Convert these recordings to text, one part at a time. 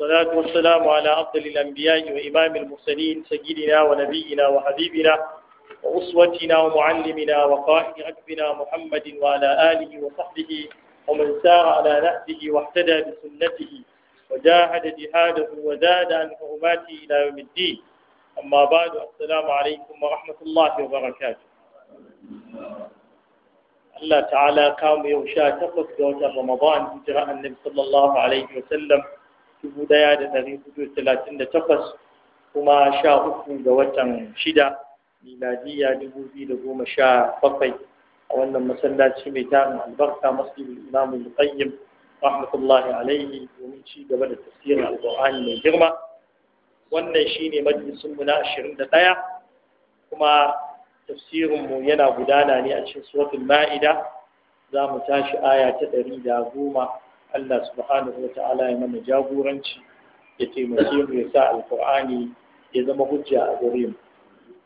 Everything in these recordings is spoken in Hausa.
والصلاة والسلام على أفضل الأنبياء وإمام المرسلين سيدنا ونبينا وحبيبنا وأسوتنا ومعلمنا وقائد أكبنا محمد وعلى آله وصحبه ومن سار على نهجه واهتدى بسنته وجاهد جهاده وزاد عن حرماته إلى يوم الدين أما بعد السلام عليكم ورحمة الله وبركاته Allah ta'ala kamu yau sha takwas ga watan Ramadan hijira annabi sallallahu alaihi wa sallam dubu daya da ɗari hudu talatin da takwas kuma sha uku ga watan shida miladiya dubu biyu da goma sha bakwai a wannan masallaci mai tarin albarka masjidul imam al-qayyim rahmatullahi alaihi domin ci gaba da tafsirin alqur'ani mai girma wannan shine majalisin mu na ɗaya kuma tafsirinmu yana gudana ne a cikin suratul ma'ida za mu tashi aya ta ɗari da goma Allah subhanahu wa ta'ala ya mana jagoranci ya taimake mu ya sa alkur'ani ya zama hujja a gare mu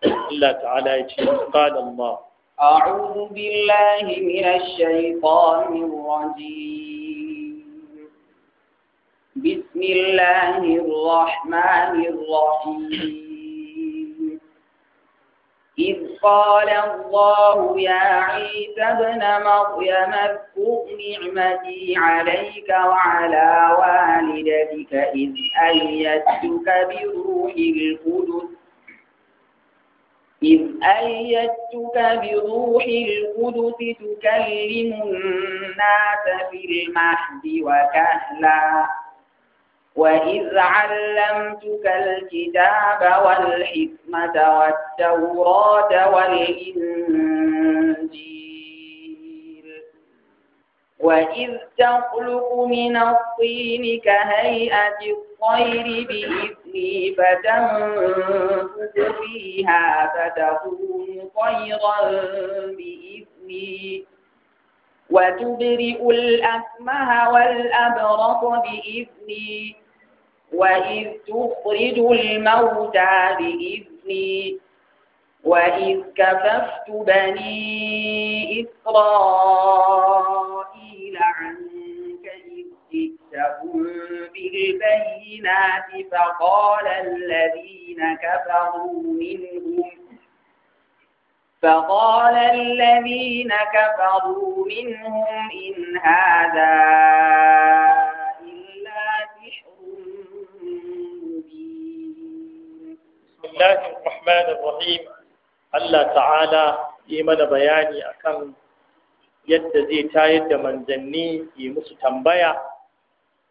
Allah ta'ala ya ce qala Allah أعوذ بالله من الشيطان الرجيم بسم الله الرحمن الرحيم إذ قال الله يا عيسى ابن مريم اذكر نعمتي عليك وعلى والدتك إذ أيدتك بروح القدس إذ أيدتك بروح القدس تكلم الناس في المهد وكهلاً وإذ علمتك الكتاب والحكمة والتوراة والإنجيل وإذ تخلق من الطين كهيئة الطير بإذني فتنفخ فيها فتكون طيرا بإذني وتبرئ الأكمه والأبرص بإذني وإذ تخرج الموتى بإذني وإذ كففت بني إسرائيل عنك إذ جئتهم بالبينات فقال الذين كفروا منهم فقال الذين كفروا منهم إن هذا إلا سحر مبين بسم الله الرحمن الرحيم الله تعالى يمن بياني أكم yadda zai tayar da manzanni yi musu tambaya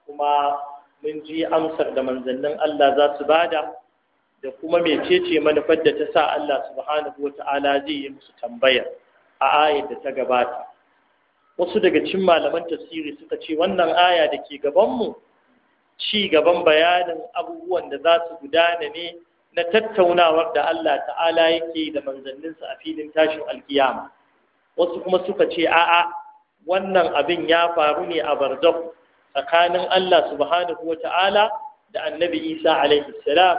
kuma mun je amsar da manzannin Allah za su bada da kuma mai mecece manufar da ta sa Allah subhanahu wa ta'ala zai yi musu tambaya a ayar da ta gabata wasu daga cin malaman tasiri suka ce wannan aya da ke gabanmu ci gaban bayanin abubuwan da za su gudana ne na tattaunawar da Allah ta'ala yake da manzanninsa a filin tashin alkiyama wasu kuma suka ce a'a wannan abin ya faru ne a barzakh tsakanin Allah subhanahu wa ta'ala da annabi Isa alaihi salam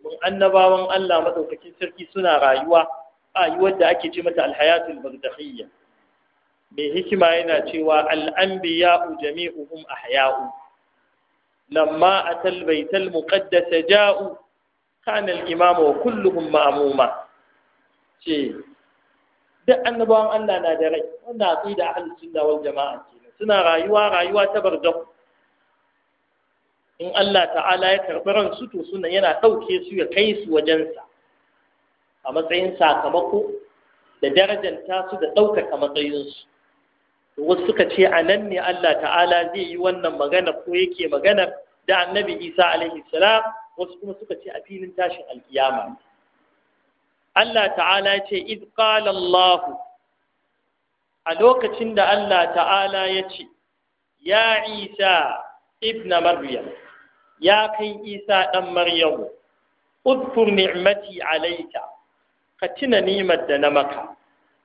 domin annabawan Allah madaukakin sarki suna rayuwa rayuwar da ake ce mata alhayatul barzakhiyya mai hikima yana cewa al'anbiya'u jami'uhum ahya'u lamma atal baital muqaddas ja'u kana al-imam wa kulluhum ma'muma ce duk annabawan Allah na da rai wannan aqida ahlus sunna wal jama'a kenan suna rayuwa rayuwa ta barzakh in Allah ta'ala ya karɓi ransu to suna yana ɗauke su ya kai su wajensa a matsayin sakamako da darajanta su da ɗaukaka matsayinsu wasu suka ce a nan ne Allah ta'ala zai yi wannan magana ko yake maganar da annabi isa alaihi salam wasu kuma suka ce a filin tashin alkiyama Allah ta'ala ce id qala Allah a lokacin da Allah ta'ala ya ce ya isa ibna maryam ya kai isa ɗan maryamu udkur ni'mati alaika ka tuna ni'imar da na maka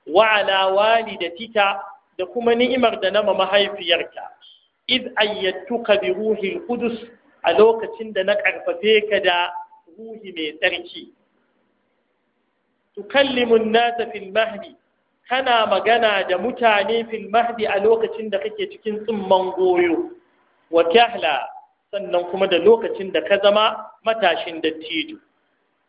wa ala walidatika da kuma ni'imar da na mahaifiyarka id ayyatuka bi ruhil qudus a lokacin da na karfafe ka da ruhi mai tsarki tukallimun nasa fil mahdi kana magana da mutane fil mahdi a lokacin da kake cikin tsumman goyo wa kahla sannan kuma da lokacin da ka zama matashin dattijo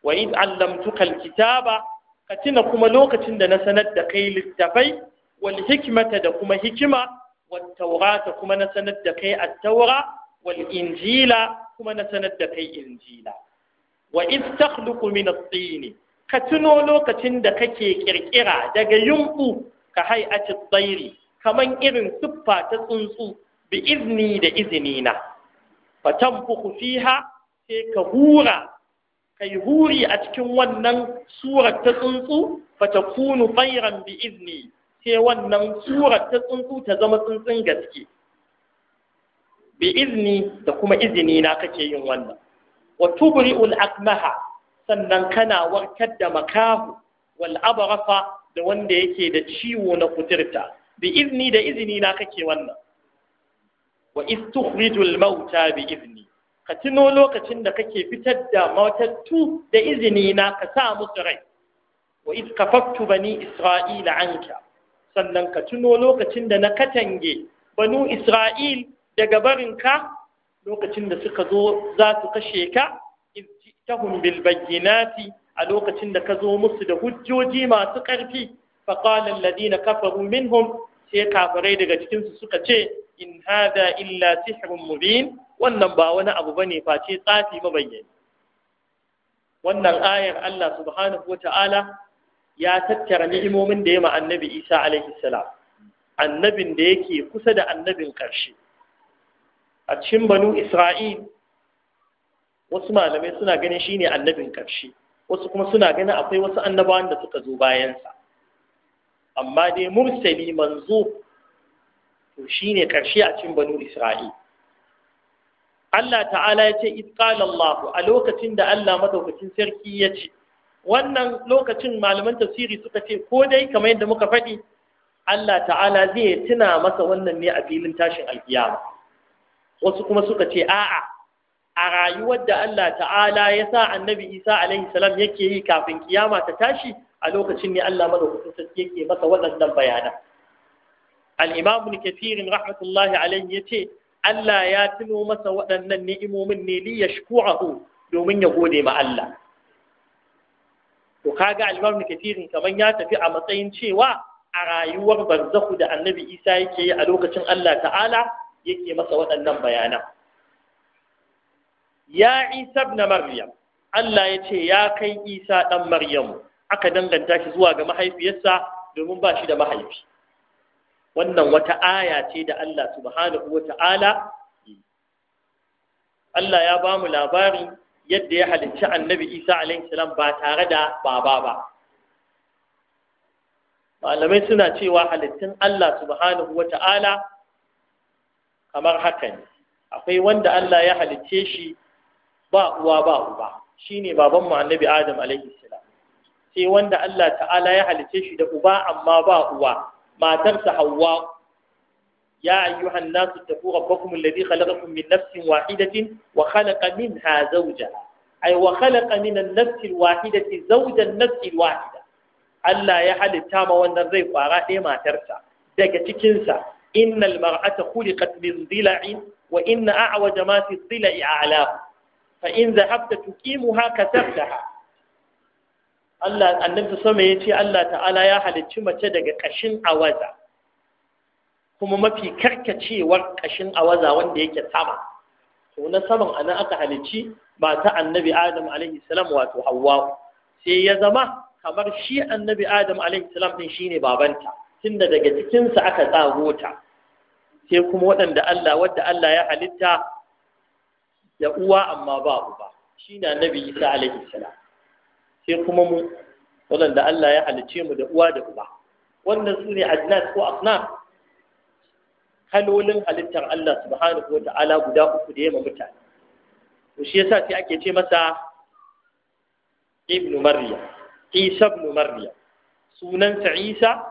wa id allamtuka kitaba, ka tuna kuma lokacin da na sanar da kai littafai wal hikmata da kuma hikima wat tawrata kuma na sanar da kai at-taura wal injila kuma na sanar da kai injila wa id takhluqu min at-tin ka tuno lokacin da kake kirkira daga yumbu ka hay'ati at-tayri kaman irin siffa ta tsuntsu bi izni da izinina fatan fiha sai ka hura kai huri a cikin wannan surar ta tsuntsu fatakunu tsairan bi izni sai wannan surar ta tsuntsu ta zama tsuntsun gaske bi izni da kuma izini na kake yin wannan wa tubri'ul akmaha sannan kana warkar da makahu wal abrafa da wanda yake da ciwo na kuturta bi izni da izini na kake wannan wa istukhrijul mauta bi izni ka tuno lokacin da kake fitar da matattu da izini na ka sa musu rai wa iz kafattu bani isra'ila anka sannan ka tuno lokacin da na katange banu isra'il daga ka. lokacin da suka zo za su kashe ka tahum bil bayyinati a lokacin da ka zo musu da hujjoji masu ƙarfi faqala alladhina kafaru minhum sai kafirai daga cikin su suka ce in hada illa sihrun mubin wannan ba wani abu bane face tsafi bayyane. wannan ayar Allah subhanahu wata'ala ya tattara ni'imomin da ya ma annabi Isa alaihi salam annabin da yake kusa da annabin ƙarshe a cikin banu Isra'il wasu malamai suna ganin shine annabin ƙarshe wasu kuma suna ganin akwai wasu annabawan da suka zo bayansa amma dai mursali manzo to shine karshe a cikin banu isra'il Allah ta'ala ya ce itqala Allah a lokacin da Allah madaukakin sarki ya ce wannan lokacin malaman tafsiri suka ce ko dai kamar yadda muka faɗi Allah ta'ala zai tuna masa wannan ne a filin tashin alkiyama wasu kuma suka ce a'a a rayuwar da Allah ta'ala ya sa annabi Isa alaihi salam yake yi kafin kiyama ta tashi a lokacin ne Allah madaukakin sarki yake masa waɗannan bayanan al-imam rahmatullahi alayhi yace Allah ya tuno masa waɗannan ni'imomin ne shiku yashku'ahu domin ya gode ma Allah to kaga al-imam kamar ya tafi a matsayin cewa a rayuwar barzahu da annabi Isa yake yi a lokacin Allah ta'ala yake masa waɗannan bayanan ya Isa na Maryam Allah ya ce ya kai Isa ɗan Maryamu aka danganta shi zuwa ga mahaifiyarsa domin ba shi da mahaifi wannan wata aya ce da Allah subhanahu wa ta'ala Allah ya ba mu labari yadda ya halicci annabi Isa alaihi salam ba tare da baba ba malamai suna cewa halittun Allah subhanahu wa ta'ala kamar haka ne akwai wanda Allah ya halicce shi ba uwa ba uba Shi ne babanmu annabi Adam alaihi salam sai wanda Allah ta'ala ya halicce shi da uba amma ba uwa matarsa حواء يا أيها الناس اتقوا ربكم الذي خلقكم من نفس واحدة وخلق منها زوجها أي وخلق من النفس الواحدة زوج النفس الواحدة ألا يحل التام والنزيف وراء ما ترسى ذاك تكنسى إن المرأة خلقت من ضلع وإن أعوج ما في الضلع أعلاه فإن ذهبت تقيمها كسرتها Allah annabi sama ya ce Allah ta'ala ya halicci mace daga ƙashin awaza kuma mafi karkacewar ƙashin awaza wanda yake sama to na saman anan aka halicci ta annabi Adam alaihi salam wato Hawwa sai ya zama kamar shi annabi Adam alaihi salam din shine babanta tunda daga cikin sa aka tsago ta sai kuma waɗanda Allah wadda Allah ya halitta ya uwa amma ba uba shine annabi Isa alaihi salam sai kuma mu waɗanda Allah ya halice mu da uwa da uba wannan su ne ajnas ko asnaf kalolin halittar Allah subhanahu wa ta'ala guda uku da yamma mutane to shi yasa sai ake ce masa ibn maryam isa ibn sunansa isa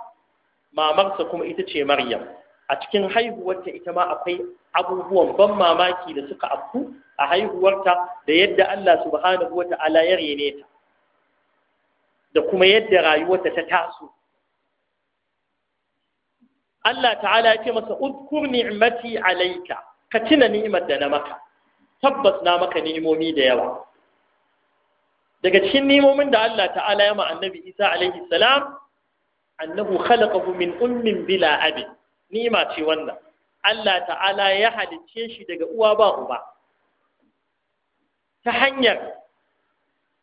mamarsa kuma ita ce maryam a cikin haihuwarta ita ma akwai abubuwan ban mamaki da suka afku a haihuwarta da yadda Allah subhanahu wa ta'ala ya rene ta da kuma yadda rayuwarta ta taso Allah ta'ala ya ce masa udkur ni'mati alayka ka tuna ni'imar da na maka tabbas na maka ni'imomi da yawa daga cikin ni'imomin da Allah ta'ala ya ma annabi Isa alaihi salam annahu khalaqahu min ummin bila abi ni'ima ce wannan Allah ta'ala ya halicce shi daga uwa ba uba ta hanyar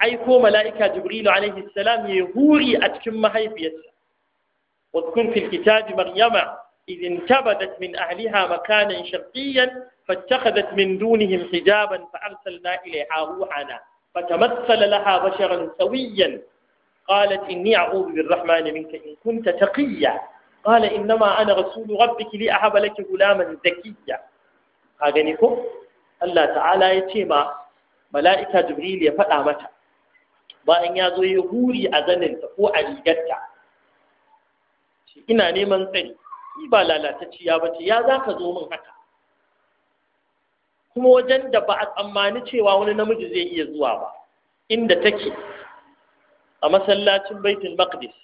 aiko mala'ika jibrilu alaihi salam ya huri a cikin mahaifiyarsa wadkun fil kitabi maryama إذ انتبذت من أهلها مكانا شرقيا فاتخذت من دونهم حجابا فأرسلنا إليها روحنا فتمثل لها بشرا سويا قالت إني أعوذ بالرحمن منك إن كنت تقيا قال إنما أنا رسول ربك لأحب لك غلاما زكيا هاغنيكو الله تعالى يتيما ملائكة جبريل يفقى متى bayan ya zo ya huri a zaninta ko a rigarta ina neman tsari ni ba lalatacciya ba ce ya za ka zo min haka kuma wajen da ba a tsammani cewa wani namiji zai iya zuwa ba inda take a masallacin baitin maqdis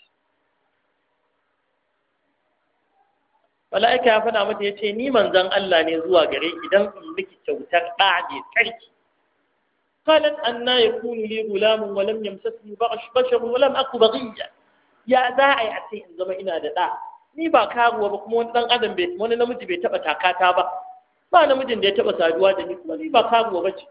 mala'ika ya faɗa mata ya ce ni manzan Allah ne zuwa gare idan in miki kyautar ɗa ne tsarki قالت أنا يكون لي غلام ولم يمسسني بشر ولم أكو بغيا يا ذا أعتي إن زما إنا دا ni ba karuwa ba kuma wani dan adam bai wani namiji bai taba takata ba ba namijin da ya taba saduwa da ni kuma ni ba karuwa ba ce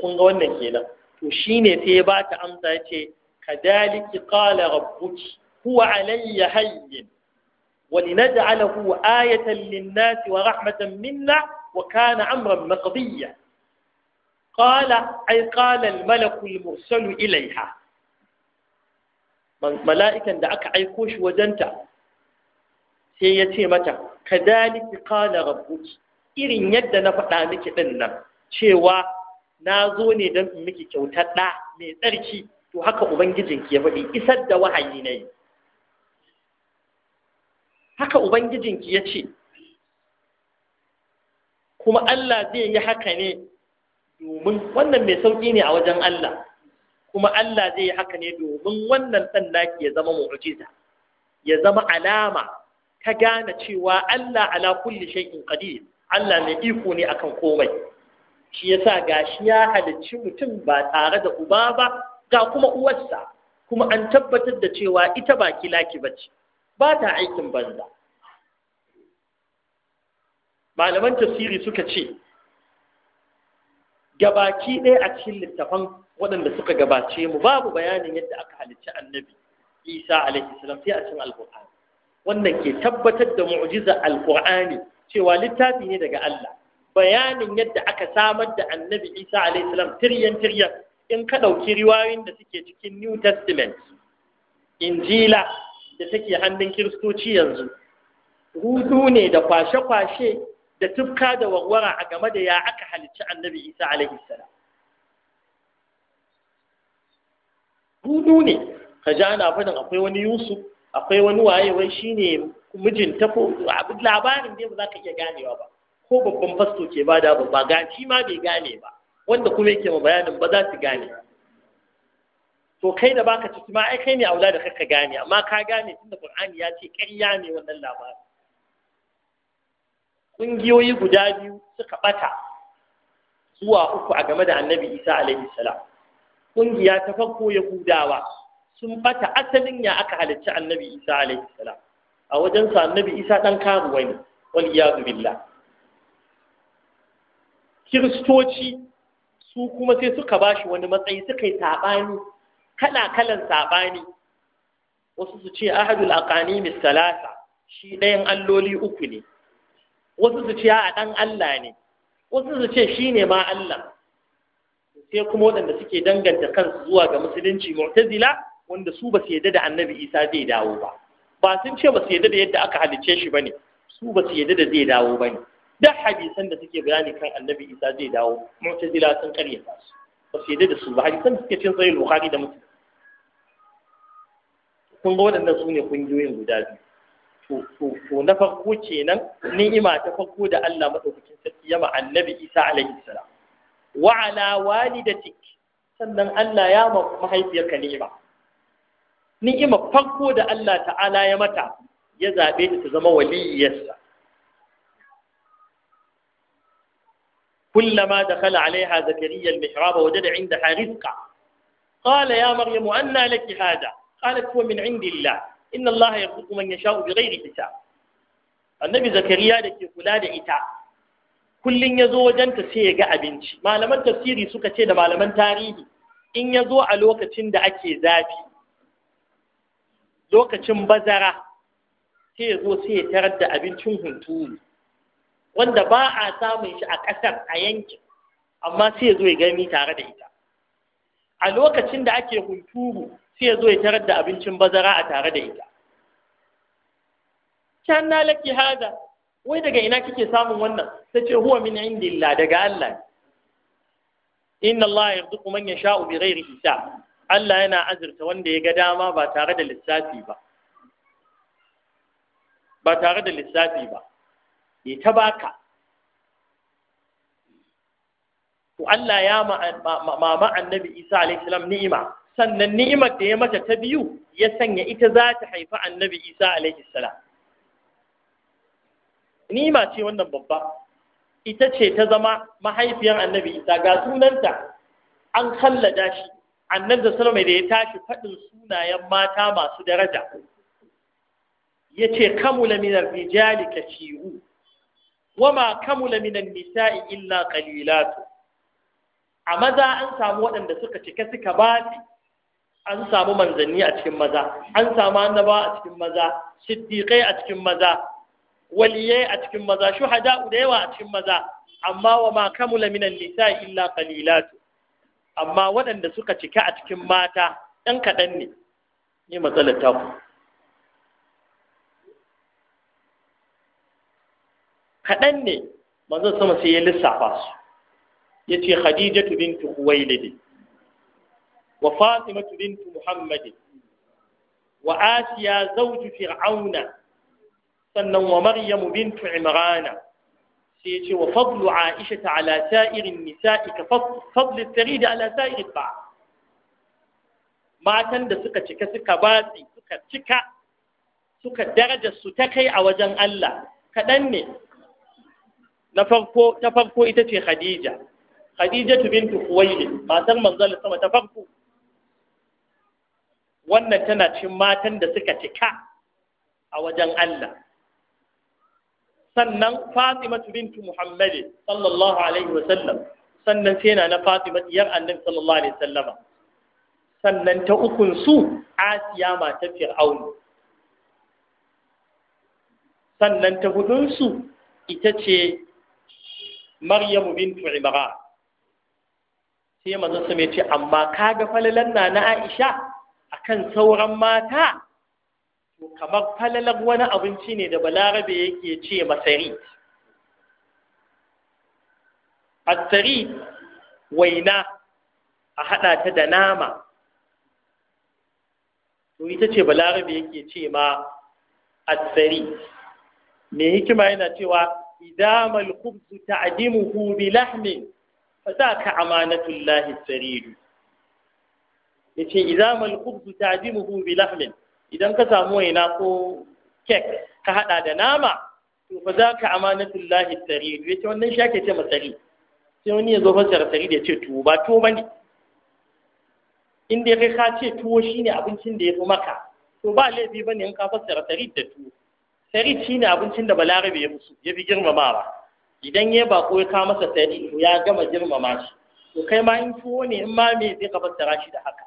kun ga wannan kenan to shine sai ya bata amsa ya ce kadaliki qala rabbuki huwa alayya hayyin ولنجعله آية wa ورحمة minna? وكان أمرا مقضيا قال أي قال الملك المرسل إليها ملائكا دعك عيكوش وجنتا سيتي متى كذلك قال ربك إرن يد نفعنا لك إنم شوى نازوني دم مكي كوتتا من أركي to haka ubangijinki ya إسد وحيني da wahayi na yi haka ubangijinki ya kuma Allah zai yi haka ne domin wannan mai sauƙi ne a wajen Allah kuma Allah zai yi haka ne domin wannan ɗan ya zama mu'jiza ya zama alama ta gane cewa Allah ala kulli shay'in qadir Allah mai iko ne akan komai shi yasa gashi ya halicci mutum ba tare da uba ba ga kuma uwarsa kuma an tabbatar da cewa ita ba kilaki bace ba ta aikin banza malaman tafsiri suka ce gabaki ɗaya a cikin littafan waɗanda suka gabace mu babu bayanin yadda aka halicci annabi isa alaihi sai a cikin alƙur'ani wannan ke tabbatar da mu'jiza alƙur'ani cewa littafi ne daga Allah bayanin yadda aka samar da annabi isa alaihi salam tiryan tiryan in ka ɗauki riwayoyin da suke cikin new testament injila da take hannun kiristoci yanzu hudu ne da kwashe-kwashe da tufka da warwara a game da ya aka halicci annabi isa alaihi salam hudu ne ka ja na fadin akwai wani yusuf akwai wani waye wai shine mijinta ko labarin dai ba za ka iya ganewa ba ko babban fasto ke bada ba ba gaci ma bai gane ba wanda kuma yake ma bayanin ba za su gane to kai da baka ciki ma ai kai ne aula da kaka gane amma ka gane tunda qur'ani ya ce ƙarya ne wannan labarin ƙungiyoyi guda biyu suka ɓata zuwa uku a game da annabi isa alaihi salam ƙungiya ta farko yahudawa sun ɓata asalin ya aka halicci annabi isa alaihi salam a wajen sa annabi isa ɗan karuwa ne wal billah kiristoci su kuma sai suka ba shi wani matsayi suka yi saɓani kala-kalan saɓani wasu su ce ahadul aqani misalasa shi ɗayan alloli uku ne wasu su ce a ɗan Allah ne wasu su ce shi ne ma Allah sai kuma waɗanda suke danganta kansu zuwa ga musulunci mu'tazila wanda su ba su yadda da annabi isa zai dawo ba ba sun ce ba su yadda da yadda aka halicce shi ba ne su ba su yadda da zai dawo ba ne duk hadisan da suke bayani kan annabi isa zai dawo mu'tazila sun karyata su ba su yadda da su ba hadisan da suke cin tsaye bukhari da muslim kun ga waɗannan su ne ƙungiyoyin guda biyu to na farko kenan ni'ima ta farko da Allah madaukakin sarki ya ma'annabi Isa alaihi salam wa ala walidatik sannan Allah ya ma mahaifiyarka ni'ima farko da Allah ta'ala ya mata ya zabe ta ta zama waliyyarsa kullama dakhala alaiha zakariya al waje da 'inda harizqa Ƙala ya maryam anna laki hada qalat huwa min 'indillah inna Allah ya rubu man yasha bi ghairi hisab annabi zakariya da ke kula da ita kullun yazo zo wajenta sai ya ga abinci malaman tafsiri suka ce da malaman tarihi in yazo a lokacin da ake zafi lokacin bazara sai ya sai ya tarar da abincin hunturu wanda ba a samun shi a ƙasar a yankin amma sai ya zo ya gani tare da ita a lokacin da ake hunturu sai ya zo ya tarar da abincin bazara a tare da ita can na laki haza, wai daga ina kike samun wannan ta ce huwa min indillah daga Allah inna Allah ya yarzuqu man ya yasha'u bighairi hisab Allah yana azurta wanda ya ga dama ba tare da lissafi ba ba tare da lissafi ba ya ta baka to Allah ya mama annabi Isa alaihi salam ni'ima sannan ni'imar da ya mata ta biyu ya sanya ita za ta haifi annabi isa alaihi salam ni'ima ce wannan babba ita ce ta zama mahaifiyar annabi isa ga sunanta an kallada shi annan da sarmai da ya tashi faɗin sunayen mata masu daraja ya ce kamula minar rijali kashiru wama kamula laminar nisa'i illa ƙalilatu. a maza an samu waɗanda suka cika suka basi. an samu manzanni a cikin maza an samu annaba a cikin maza siddiqai a cikin maza waliyai a cikin maza shuhada da yawa a cikin maza amma wa ma kamula minan nisa illa qalilatu amma waɗanda suka cika a cikin mata ɗan kaɗan ne ne matsalar ta ku kaɗan ne manzon sama sai ya lissafa su yace khadijatu bintu khuwailid wa fatimatu bint muhammad wa asiya zawju fir'auna sannan wa maryamu bint imrana sai ya ce wa fadlu aisha ta ala sa'irin nisa'i ka fadlu tari da ala sa'irin ba matan da suka cika suka batsi suka daraja su ta kai a wajen Allah kaɗan ne ta farko ita ce Khadija matar sama ta farko wannan tana cin matan da suka cika a wajen Allah sannan Fatima bintu Muhammad sallallahu alaihi wa sallam sannan sai na na Fatima diyar Annabi sallallahu alaihi wa sallama sannan ta ukun su Asiya matar Fir'aun sannan ta hudun ita ce Maryamu bintu Imran sai manzon mai ce amma kaga falalan na na Aisha akan sauran mata kamar falalar wani abinci ne da balarabe yake ce masari asari waina a haɗa ta da nama to ita ce balarabe yake ce ma asari Me hikima yana cewa idamal khubzu ta'dimuhu bi lahmin fa ka amanatullahi saridu yace izamal khubzu ta'dimuhu bi lahmin idan ka samu waina ko kek ka hada da nama to fa zaka amanatul lahi tari yace wannan shi ake ce masari sai wani ya zo fasara tari da yace tuwo ba tuwo bane in kai ka ce tuwo shine abincin da yafi maka to ba laifi bane in ka fasara tari da tuwo tari shine abincin da balarabe ya fi ya fi girmamawa idan ya bako ya ka masa tari to ya gama girmama shi to kai ma in tuwo ne in ma me zai ka fassara shi da haka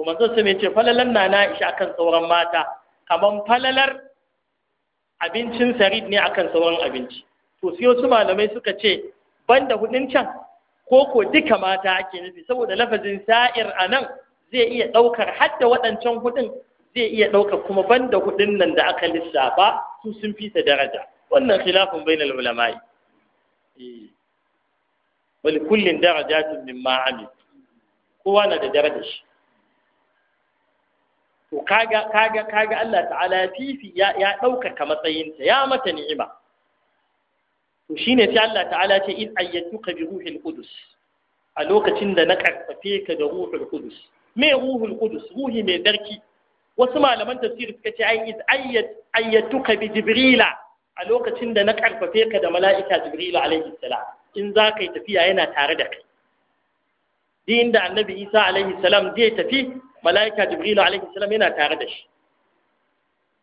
to manzo sai mai ce falalan na Na'isha isha akan sauran mata kaman falalar abincin sarid ne akan sauran abinci to sai wasu malamai suka ce banda hudin can ko ko duka mata ake nufi saboda lafazin sa'ir anan zai iya daukar hadda waɗancan hudin zai iya daukar kuma banda hudin nan da aka lissafa su sun fi ta daraja wannan khilafun bainal ulama'i eh. wal kullin darajatun mimma amil kowa na da darajar shi to kaga kaga kaga Allah ta'ala fifi ya ya matsayin matsayinta ya mata ni'ima to shine sai Allah ta'ala ce in ayyatuka bi ruhil qudus a lokacin da na karfafe ka da ruhul qudus me ruhul qudus ruhi mai darki wasu malaman tafsir suka ce ai ayyat ayyatuka bi jibrila a lokacin da na karfafe ka da mala'ika jibrila alaihi salam in za ka yi tafiya yana tare da kai din da annabi isa alaihi salam zai tafi mala'ika jibril alaihi yana tare da shi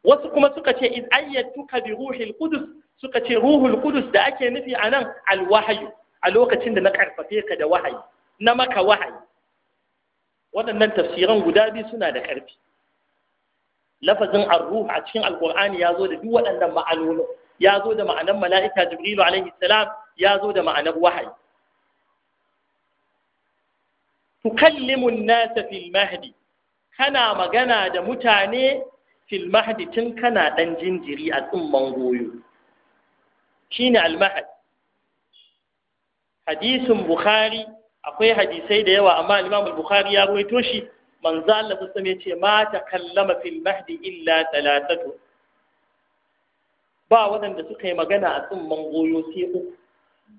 wasu kuma suka ce iz ayyatuka bi ruhil suka ce ruhul Kudus da ake nufi anan alwahyu a lokacin da na karfafe ka da wahayi na maka wahayi waɗannan tafsiran guda biyu suna da ƙarfi lafazin ar a cikin alkur'ani ya zo da duk waɗannan ma'anoni ya zo da ma'anar mala'ika jibrilu alaihi salam ya zo da ma'anar wahayi tukallimu nasa fil mahdi kana magana da mutane fil mahadi tun kana ɗan jinjiri a tsumman goyo ne al mahad hadisun bukhari akwai hadisai da yawa amma imam bukhari ya ruwaito shi manzo Allah sun ya ce ma kallama fil mahdi illa talatatu ba waɗanda suka yi magana a tsumman goyo sai uku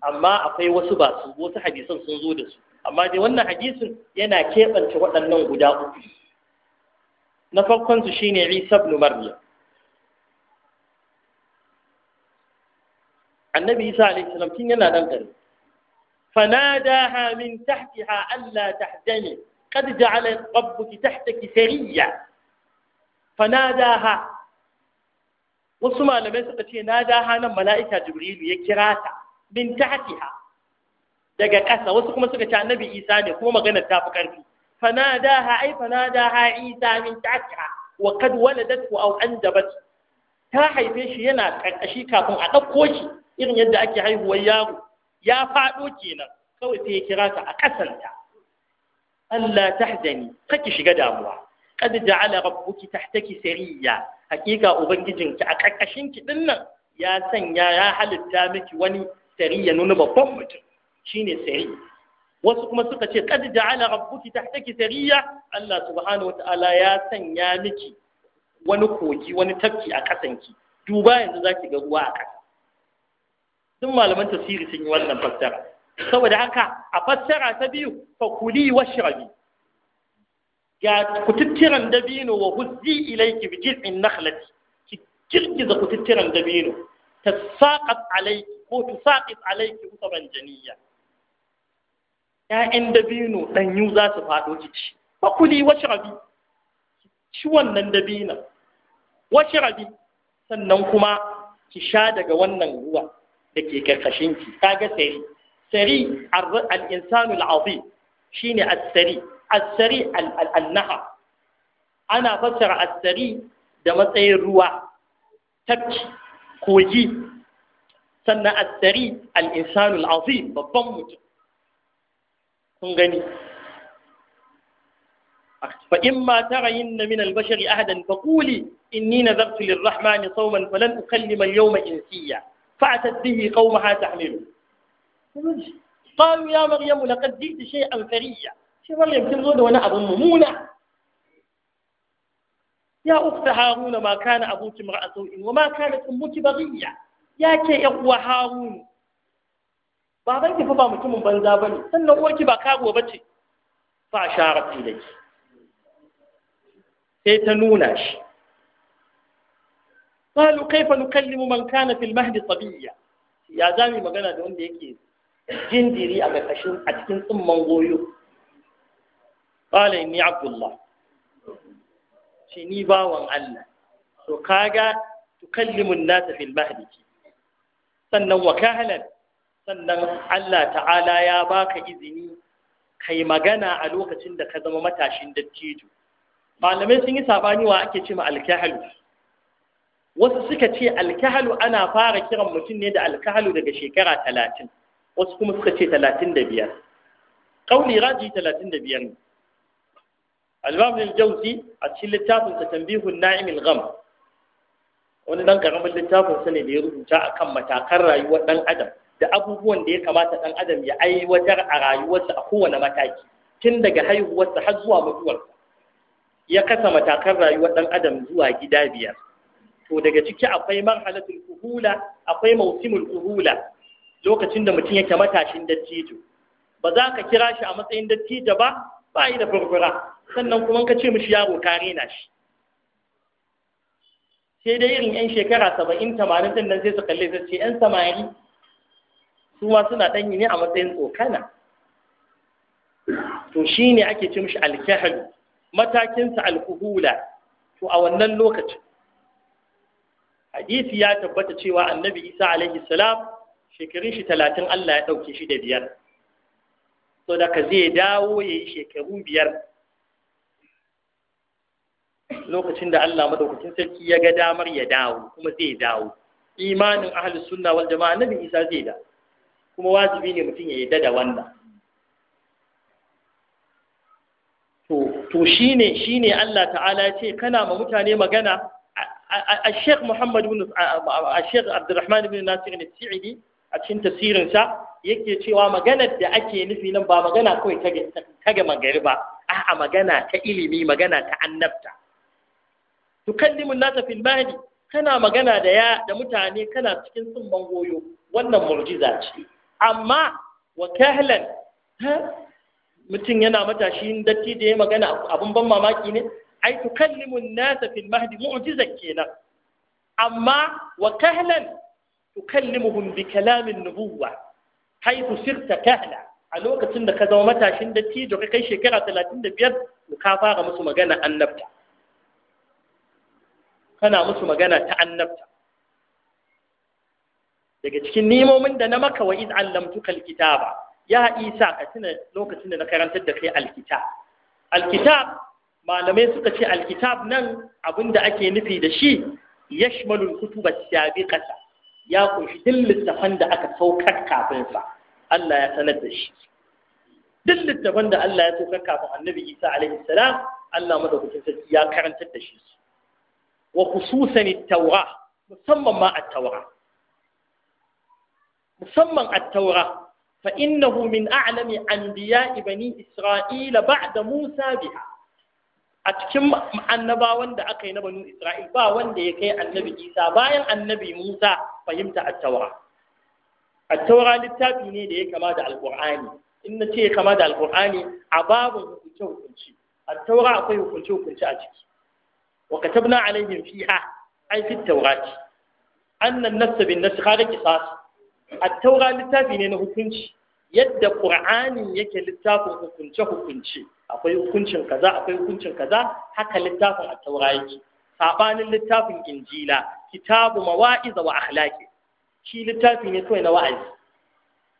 amma akwai wasu ba su wasu hadisan sun zo da su amma dai wannan hadisin yana keɓance waɗannan guda uku na farkon su shine Isa ibn Maryam annabi Isa alaihi salam tun yana dan gari ha min tahtiha alla tahdani qad ja'ala rabbuki tahtaki sariya ha wasu malamai suka ce ha nan mala'ika jibrilu ya kira ta min tahtiha daga ƙasa wasu kuma suka ce annabi Isa ne kuma maganar ta fi ƙarfi فناداها أي فناداها عيسى من تحتها وقد ولدته أو أنجبته ta haife shi yana karkashi kafin a ɗauko shi irin yadda ake haihuwar yaro ya faɗo kenan kawai sai ya kira ta a kasanta Allah tahdani kaki shiga damuwa qad ja'ala rabbuki tahtaki sariya hakika ubangijinki a karkashin ki dinnan ya sanya ya halitta miki wani sariya nuna babban mutum shine sariya wasu kuma suka ce kad ja'ala rabbuki tahtaki sariya Allah subhanahu wataala ya sanya miki wani kogi wani tafki a kasan ki. duba yanzu zaki ga ruwa a kasa duk malaman tafsiri sun yi wannan fassara saboda haka a fassara ta biyu fa kuli washrabi ga kututturan dabino wa huzzi ilayki bi jiz'in nakhlati ki kirkiza kututturan dabino tasaqat alayki ko tasaqat alayki utaban janiyya ‘ya'yan dabino ɗanyu za su faɗo ciki, fakuli wace rabi, ci wannan dabinan, wace rabi, sannan kuma ki sha daga wannan ruwa da ke ki. ta ga sari, sari al'insanu al'azi shi ne assari, assari al'annaha, ana fassara asari da matsayin ruwa, tafki, kogi, sannan assari al'insanu al'azi babban mutum. kun gani fa in ma tarayinna min al-bashari ahadan fa quli inni nazartu lir-rahmani sawman falan ukallima al-yawma insiya fa'atat bihi qaumaha tahmilu قالوا يا مريم لقد جئت شيئا فريا شي مريم كن زود وانا ابو ممونة يا اخت هارون ما كان ابوك امرأة سوء وما كانت امك بغية يا كي اقوى هارون baban ki fa ba mutumin banza bane sannan ki ba kago ba bace fa asharat ilayhi sai ta nuna shi qalu kayfa nukallimu man kana fil mahdi sabiyya ya zami magana da wanda yake jindiri a ƙarƙashin a cikin tsimman goyo qala inni abdullah ce ni bawan Allah to kaga tukallimu an-nasa fil mahdi sannan wa kahalan sannan Allah ta'ala ya baka izini kai magana a lokacin da ka zama matashin dattijo malamai sun yi sabani wa ake ce ma alkahalu wasu suka ce alkahalu ana fara kiran mutum ne da alkahalu daga shekara talatin wasu kuma suka ce talatin da biyar ƙauli raji talatin da biyar ne albamin jauzi a cikin littafin sa tambihun na'imil gam wani dan karamin littafin sa ne da ya rubuta akan matakan rayuwar dan adam da abubuwan da ya kamata ɗan adam ya aiwatar a rayuwarsa a kowane mataki tun daga haihuwarsa har zuwa mutuwar ya kasa matakan rayuwar ɗan adam zuwa gida biyar to daga ciki akwai marhalatul kuhula akwai mausimul kuhula lokacin da mutum yake matashin dattijo ba za ka kira shi a matsayin dattijo ba ba yi da furfura sannan kuma ka ce mishi yaro ka rena shi sai dai irin 'yan shekara saba'in tamanin nan sai su kalle sai ce 'yan samari su ma suna ɗanyi ne a matsayin tsokana to shi ne ake ce mishi alkahalu matakinsa alkuhula to a wannan lokacin hadisi ya tabbata cewa annabi isa alaihi salam shekarun shi talatin allah ya ɗauke shi da biyar so da ka zai dawo ya yi shekaru biyar lokacin da allah maɗaukacin sarki ya ga damar ya dawo kuma zai dawo imanin ahalus sunna wal jama'a annabi isa zai dawo kuma wajibi ne mutum ya yi da wannan to shine ne Allah ta'ala ya ce kana ma mutane magana الشيخ محمد بن الشيخ bin nasir بن ناصر السعدي a cikin tafsirinsa yake cewa maganar da ake nufi nan ba magana kawai ta ga magari ba a'a magana ta ilimi magana ta annabta To tukallimu nata fil mahdi kana magana da ya da mutane kana cikin tsumman goyo wannan mu'jiza ce amma wa mutum yana matashi datti da ya magana abun ban mamaki ne ai tukallimun nasa fil mahdi mu'jiza kenan amma wa kahlan tukallimuhum bi kalamin nubuwa haythu sirta kahla a lokacin da ka zama matashin dattijo ka kai shekara talatin da biyar ka fara musu magana annabta kana musu magana ta annabta daga cikin nimomin da na maka wa iz allamtuka alkitaba ya isa ka tuna lokacin da na karantar da kai alkitab alkitab malamai suka ce alkitab nan abinda ake nufi da shi yashmalul kutuba sabiqata ya kunshi duk littafan da aka saukar kafin sa Allah ya sanar da shi duk littafan da Allah ya saukar kafin Annabi Isa alaihi salam Allah madaukakin sarki ya karantar da shi wa khususan at-taura musamman ma at-taura musamman attaura taura fa innahu min a'lami anbiya'i bani isra'ila ba'da musa biha a cikin annabawan da aka yi na banu isra'il ba wanda ya kai annabi isa bayan annabi musa fahimta at-taura taura littafi ne da ya kama da alqur'ani in na ce ya kama da alqur'ani a babin hukunce hukunci at-taura akwai hukunce hukunce a ciki wa katabna alaihim fiha ai fi at Annan anna an-nafs bin Attaura littafi ne na hukunci yadda qur'ani yake littafin hukunce hukunce akwai hukuncin kaza akwai hukuncin kaza haka littafin attaura taura yake sabanin littafin injila kitabu mawa'iza wa akhlaqi shi littafi ne kawai na wa'azi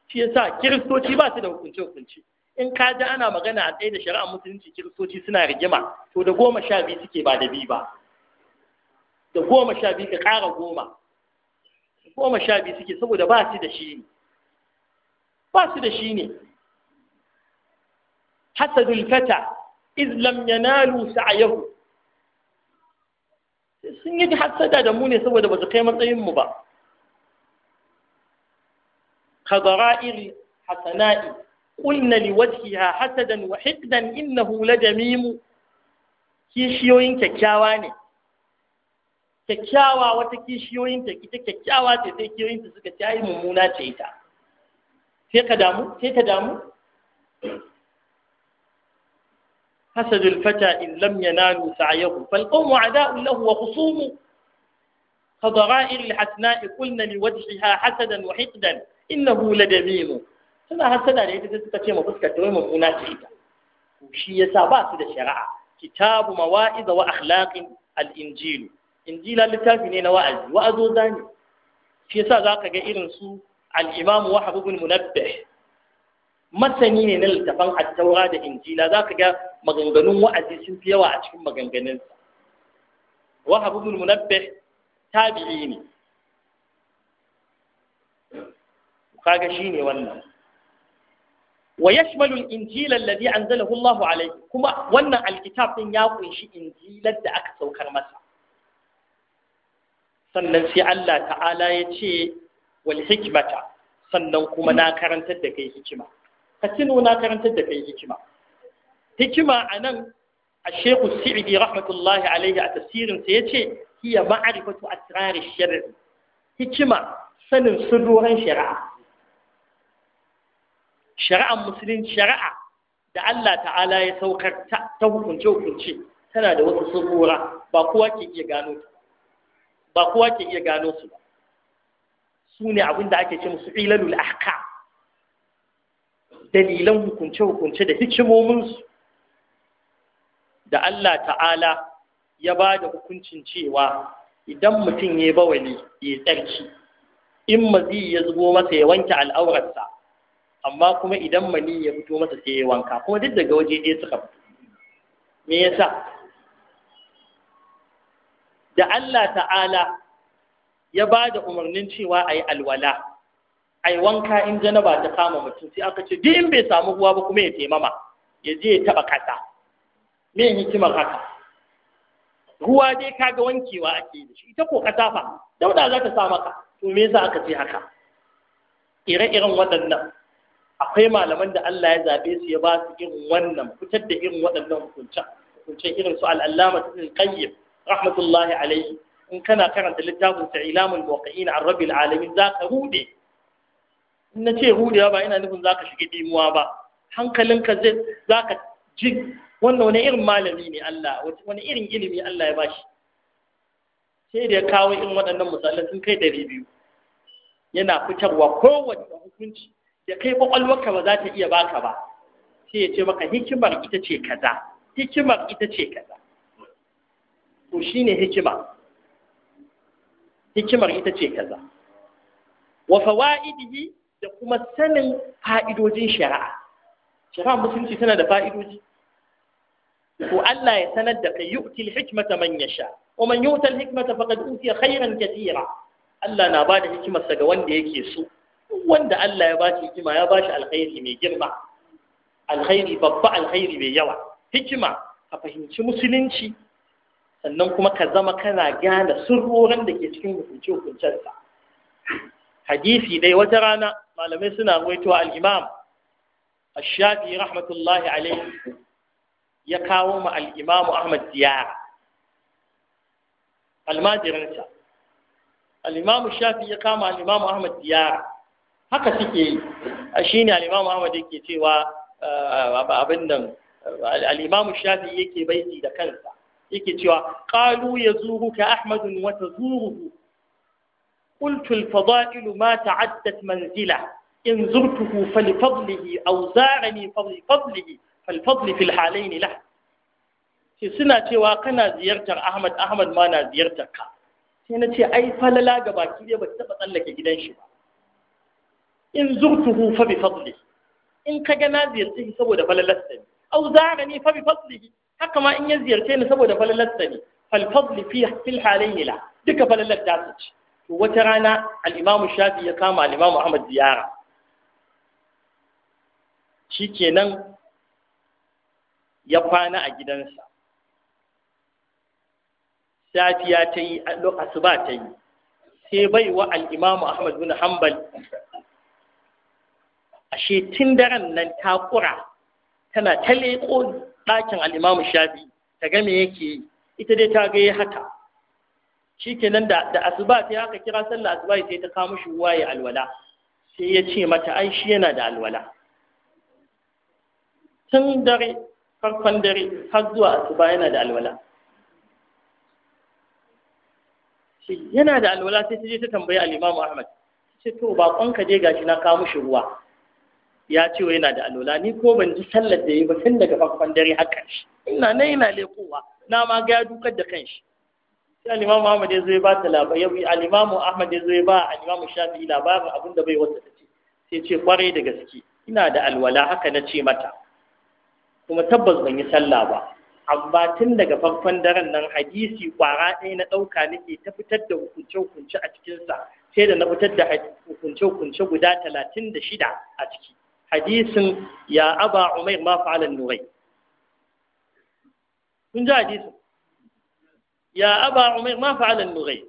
shi yasa kiristoci ba su da hukunce hukunce in ka ji ana magana a tsaye da shari'ar musulunci kiristoci suna rigima to da goma sha biyu suke ba da biyu ba da goma sha biyu ka ƙara goma goma sha biyu suke saboda ba su da shi ne ba su da shi ne hasadul fata yanalu sa'ayahu sun yi hasada da mu ne saboda ba su kai matsayinmu mu ba iri hasana'i liwaci ha hasadan wa hula innahu mimu. kishiyoyin kyakkyawa ne kyakkyawa wata kishiyoyinta ita kyakkyawa ce sai kishiyoyinta suka ce ai mummuna ce ita sai ka damu sai ta damu hasadul fata in lam yanalu sa'yahu fal qawmu ada'un lahu wa khusumu كضرائر الحسناء قلنا لوجهها حسدا وحقدا إنه لدميم suna hasada da ita suka ce mafuskar ta wai mummuna ce ita shi yasa ba su da shari'a kitabu mawa'iza wa akhlaqin al-injil injila littafi ne na wa'azi wa'azo za zani shi yasa ka ga irin su al-imam wahab ibn munabbih masani ne na littafan at-taura da injila Za ka ga maganganun wa'azi sun fi yawa a cikin maganganunsa. sa wahab ibn munabbih tabi'i ne kaga shi ne wannan wa yashmalu al-injila alladhi anzalahu Allahu alayhi kuma wannan alkitab din ya kunshi injilar da aka saukar masa sannan sai Allah ta'ala ya ce wal hikmata sannan kuma na karantar da kai hikima ka tuno na karantar da kai hikima hikima a nan a shehu sa'idi rahmatullahi alaihi a tasirin ya ce hiya ma'arifatu asrari shari'i hikima sanin sirrorin shari'a shari'ar musulunci shari'a da Allah ta'ala ya saukar ta hukunce hukunce tana da wasu sirrora ba kowa ke iya gano ta ba kowa ke iya gano su ba su ne abin ake ce musu ilalul ahka dalilan hukunce-hukunce da hikimominsu da Allah ta'ala ya ba da hukuncin cewa idan mutum ya bawali ya tsarki in mazi ya zubo masa ya wanke al'aurarsa amma kuma idan mani ya fito masa sai ya wanka kuma duk daga waje ɗaya suka fito me yasa da Allah ta'ala ya ba da umarnin cewa a yi alwala a yi wanka in janaba ta kama mutum sai aka ce duk in bai samu ruwa ba kuma ya taimama ya je ya taɓa kasa me hikimar haka ruwa dai kaga wankewa ake da shi ita ko kasa fa dauda za ta sa maka to me za aka ce haka ire-iren waɗannan akwai malaman da Allah ya zabe su ya ba su irin wannan fitar da irin waɗannan hukuncen hukunce irin su al'allama su qayyim rahmatullahi alaihi in karanta littafin sa ilamul muwaqqi'in an rabbil alamin zaka nace hudewa ba ina nufin zaka shiga dimuwa ba hankalinka zai zaka ji wannan wani irin malami ne Allah wani irin ilimi Allah ya bashi sai da ya kawo irin waɗannan misalan sun kai ɗari biyu yana fitarwa kowane hukunci da kai kwakwalwarka ba za ta iya baka ba sai ya ce maka hikimar ita ce kaza hikimar ita ce kaza to ne hikima hikimar ita ce kaza wa fawaidihi da kuma sanin fa'idojin shari'a shari'a musulunci tana da fa'idoji ko Allah ya sanar da kai yu'til hikmata man sha. wa man yu'tal hikmata faqad utiya khayran katira Allah na bada hikimarsa ga wanda yake so wanda Allah ya bashi hikima ya bashi alkhairi mai girma alkhairi babba alkhairi mai yawa hikima ka fahimci musulunci sannan kuma ka zama kana gane sirrorin da ke cikin hukunce hukuncensa hadisi dai wata rana malamai suna ruwaitowa al-imam ash-shafi rahmatullahi alaihi ya kawo ma al-imam ahmad ziyara almajirinsa al-imam shafi ya kawo al-imam ahmad ziyara haka suke yi shine al-imam ahmad yake cewa ah, abin nan al-imam shafi yake baiti da kansa yake cewa qalu yazuruka ahmadun wa tazuruhu قلت الفضائل ما تعدت منزله إن زرته فلفضله أو زارني Fal فالفضل في الحالين له sai suna cewa kana ziyartar Ahmad Ahmad ma na ziyartar ka sai na ce ai falala ga baki ɗaya ba ta taɓa tsallake gidan shi ba in zurtuhu fa bi fadli in ka ga na ziyarci saboda falalarsa ne au zarani fa bi fadlihi haka ma in ya ziyarce ni saboda falalarsa ne falfadli fi duka falalar ta su ci to wata rana Alimamu shafi ya kama Alimamu ahmad ziyara shikenan ya kwana a gidansa safiya ta yi asuba ta yi sai bai wa al'imamu ahmad bin hanbal ashe tun daren nan ta kura tana ta leƙo ɗakin al'imamu shafi ta game yake ita dai ta gaye haka shi kenan da da asuba ta haka kira sallah asuba ya ta kama shi ruwa ya alwala sai ya ce mata ai shi yana da alwala tun dare farkon dare har zuwa asuba yana da alwala yana da alwala sai ta je ta tambayi al'imamu ahmad ce to baƙonka dai gashi na kama shi ruwa ya ce wa yana da alola ni ko ban ji sallar da yi ba tun daga farkon dare har ƙarshe ina nan ina lekowa na ma ga dukar da kanshi sai alimamu ahmad ya zo ya ba ta labari alimamu ahmad ya zo ya ba alimamu Shafi labarin abin da bai wata ta ce sai ce kwarai da gaske ina da alwala haka na ce mata kuma tabbas ban yi sallah ba amma tun daga farkon daren nan hadisi kwara ɗaya na ɗauka nake ta fitar da hukunce-hukunce a cikinsa sai da na fitar da hukunce-hukunce guda talatin da shida a ciki hadisin ya aba umair ma fa'ala nurai kun ji hadisin ya aba umair ma fa'ala nurai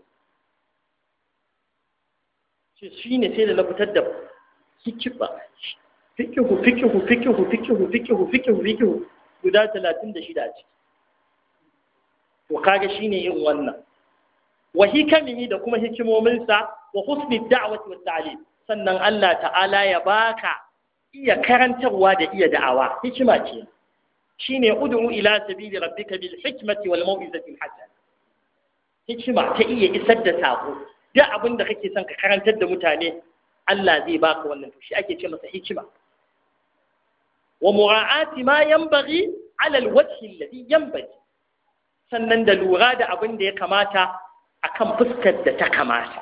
shi ne sai da na fitar da hikiba fikihu fikihu fikihu fikihu fikihu fikihu fikihu guda talatin da shida a to kaga shine yin wannan wa hikamihi da kuma hikimominsa wa husni da'wati wa ta'lim sannan Allah ta'ala ya baka iya karantarwa da iya da'awa hikima ce ne ud'u ila sabili rabbika bil hikmati wal mau'izati hasana hikima ta iya isar da sako duk abin da kake son ka karantar da mutane Allah zai baka wannan to shi ake ce masa hikima wa mura'ati ma yanbaghi ala alwajhi alladhi yanbaghi sannan da lura da abin da ya kamata akan fuskar da ta kamata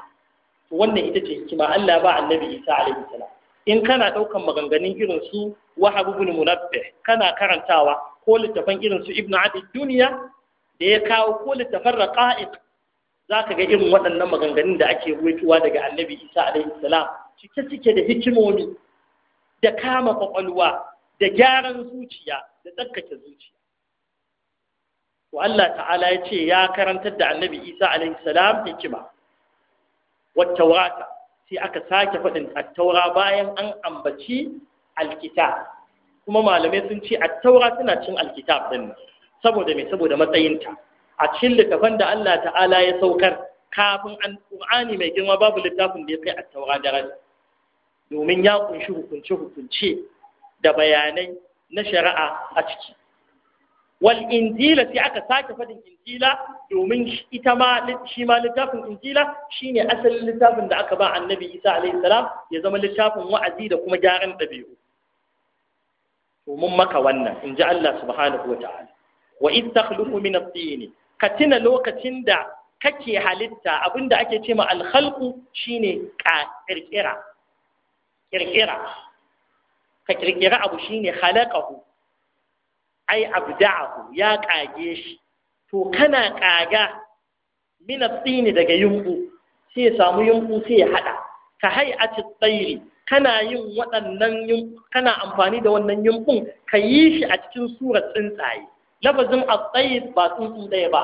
wannan ita ce hikima Allah ba annabi Isa alaihi salam in kana ɗaukan maganganun irin su wahab munabbih kana karantawa ko littafan irin su ibn abi duniya da ya kawo ko littafan raqa'iq zaka ga irin waɗannan maganganun da ake ruwaitowa daga annabi isa alaihi salam cike cike da hikimomi da kama kwakwalwa da gyaran zuciya da tsarkake zuciya to Allah ta'ala ya ce ya karantar da annabi isa alaihi salam hikima wata wata sai aka sake faɗin attaura bayan an ambaci alkitab kuma malamai sun ce attaura suna cin alkitab din saboda mai saboda matsayinta a cikin littafan da Allah ta'ala ya saukar kafin an ƙurani mai girma babu littafin da ya kai attaura da daraja domin ya kunshi hukunce hukunce da bayanai na shari'a a ciki wal injila sai aka sake fadin injila domin ita ma shi ma littafin injila shine asalin littafin da aka ba annabi isa alaihi salam ya zama littafin wa'azi da kuma gyaran dabi'u to mun maka wannan Inji Allah subhanahu wataala wa id takhluqu min at-tin ka tina lokacin da kake halitta abinda ake ce ma al-khalqu shine kirkira kirkira ka kirkira abu shine khalaqahu ai abda'ahu ya kage shi to kana kaga min tsini daga yumbu sai ya samu yumbu sai ya hada ka hay'ati tsairi kana yin waɗannan kana amfani da wannan yumbun ka yi shi a cikin surar tsuntsaye lafazin at-tayr ba tsuntsun ɗaya ba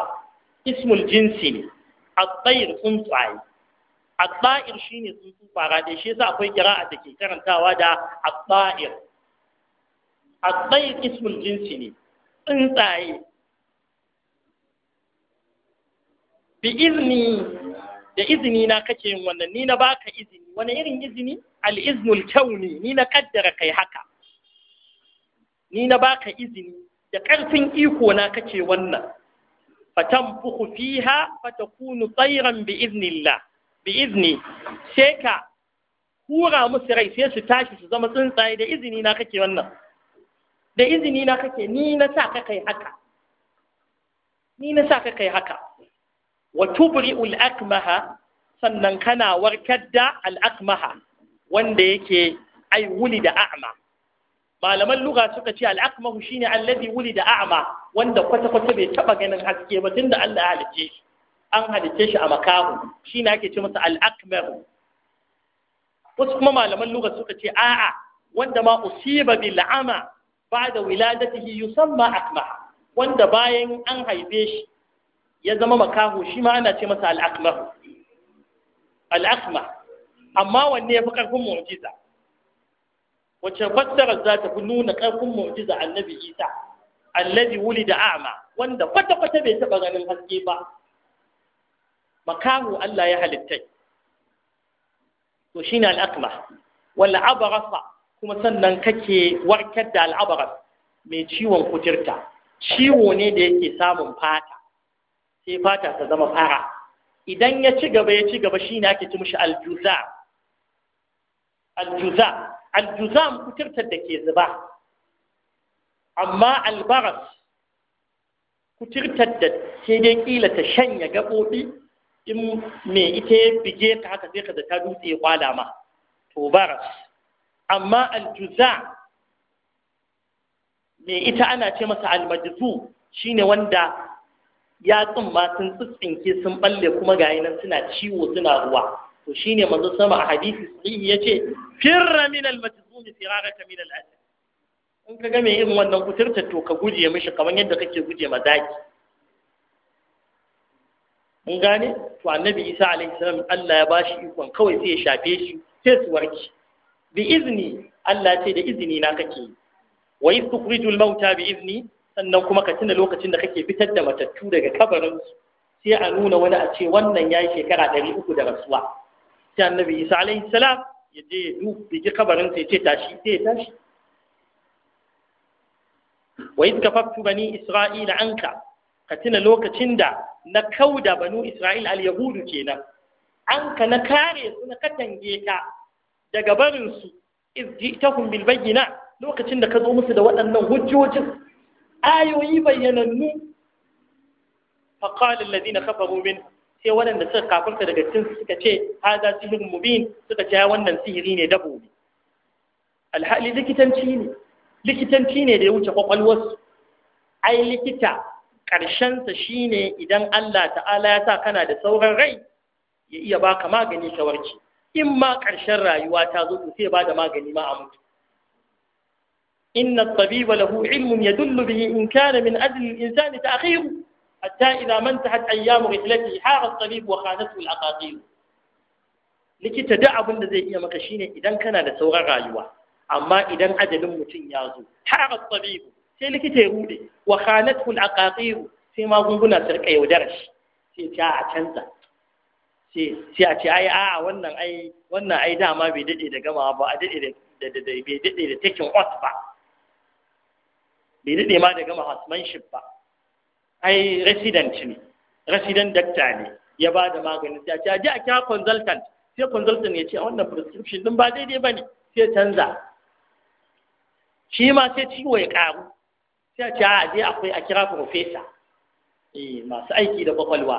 ismul jinsi ne at-tayr tsuntsaye at-tayr shine tsuntsu fara dai shi yasa akwai kira'a da ke karantawa da at-tayr akwai ismul jinsi ne tsuntsaye bi izini da izini na kake yin wannan ni na baka izini wani irin izini al-iznul kauni ni na kaddara kai haka ni na baka izini da ƙarfin iko na kake wannan fatan fuhu fiha kunu tsairan bi iznillah bi izini. sai ka hura musu rai sai su tashi su zama tsuntsaye da izini na kake wannan da izini na kake ni na sa ka kai haka ni na sa ka kai haka wa tubri'ul akmaha sannan kana warkar da al akmaha wanda yake ai wuli da a'ma malaman lugha suka ce al akmahu shine alladhi wuli da a'ma wanda kwata kwata bai taba ganin haske ba tunda Allah ya halice shi an halice shi a makahu shine ake ce masa al akmahu wasu kuma malaman lugha suka ce a'a wanda ma usiba bil a'ma ba'da wiladatihi yusamma akma wanda bayan an haife shi ya zama makaho shi ma ana ce masa al Al'akma, amma wanne yafi karfin mu'jiza wacce fassara za ta fi nuna karfin mu'jiza annabi Isa alladhi wulida a'ma wanda kwata kwata bai taba ganin haske ba makaho Allah ya halittai. to shine al'akma akma wal abrasa kuma sannan kake warkar da al'abarar mai ciwon kuturta ciwo ne da yake samun fata sai fata ta zama fara idan ya ci gaba ya ci gaba shi ne ake ci mishi aljuza aljuza aljuzam kuturtar da ke zuba amma albaras kuturtar da sai dai kila ta shanya gaɓoɓi in me ita ya bige ta haka sai ka da ta dutse ya kwala ma to baras amma aljuza mai ita ana ce masa almajzu shine wanda yatsun ma sun tsitsinke sun balle kuma ga nan suna ciwo suna ruwa to shine manzo sama a hadisi sahihi yace firra min almajzumi firaraka min al'asad in ka ga mai irin wannan kuturta to ka guje mishi kamar yadda kake guje ma zaki mun gane to annabi isa alaihi salam Allah ya bashi ikon kawai sai ya shafe shi sai su warke bi izni Allah ce da izini na kake wa iz tukhrijul mauta bi izni sannan kuma ka tuna lokacin da kake fitar da matattu daga kabarin sai a nuna wani a ce wannan yayi shekara ɗari uku da rasuwa sai annabi Isa alayhi salam ya je ya dubi kabarin sai ce tashi sai ya tashi wa iz kafaftu bani isra'ila anka ka tuna lokacin da na kauda banu isra'il al yahudu kenan Anka na kare su na katange ka daga barinsu izjitahum bil lokacin da ka zo musu da waɗannan hujjojin ayoyi bayyanannu faqala alladhina kafaru min sai waɗanda suka kafirta daga cikin suka ce hada sihirun mubin suka ce wannan sihiri ne dabo ne alhali likitanci ne likitanci ne da ya wuce kwakwalwarsu ai likita ƙarshensa shine idan Allah ta'ala ya sa kana da sauran rai ya iya baka magani ta warke in ma ƙarshen rayuwa ta zo to sai ba da magani ma a mutu inna tabiba lahu ilmun yadullu bihi in kana min ajli al-insani ta'khiru hatta idha mantahat ayyamu rihlatihi hara at-tabib wa khanatu al-aqaqir likita da abin da zai iya maka shine idan kana da sauran rayuwa amma idan ajalin mutum ya zo hara at-tabib sai likita ya rude wa khanatu al-aqaqir sai magunguna su rika shi sai ta a canza sai a ce ai a wannan ai wannan ai dama bai dade da gama ba a dade da da bai dade da taking oath ba bai dade ma da gama husbandship ba ai resident ne resident doctor ne ya ba da magani sai a ce a je a kira consultant sai consultant ya ce a wannan prescription din ba daidai ba ne sai canza shi ma sai ciwo ya karu sai a ce a je akwai a kira professor eh masu aiki da kwakwalwa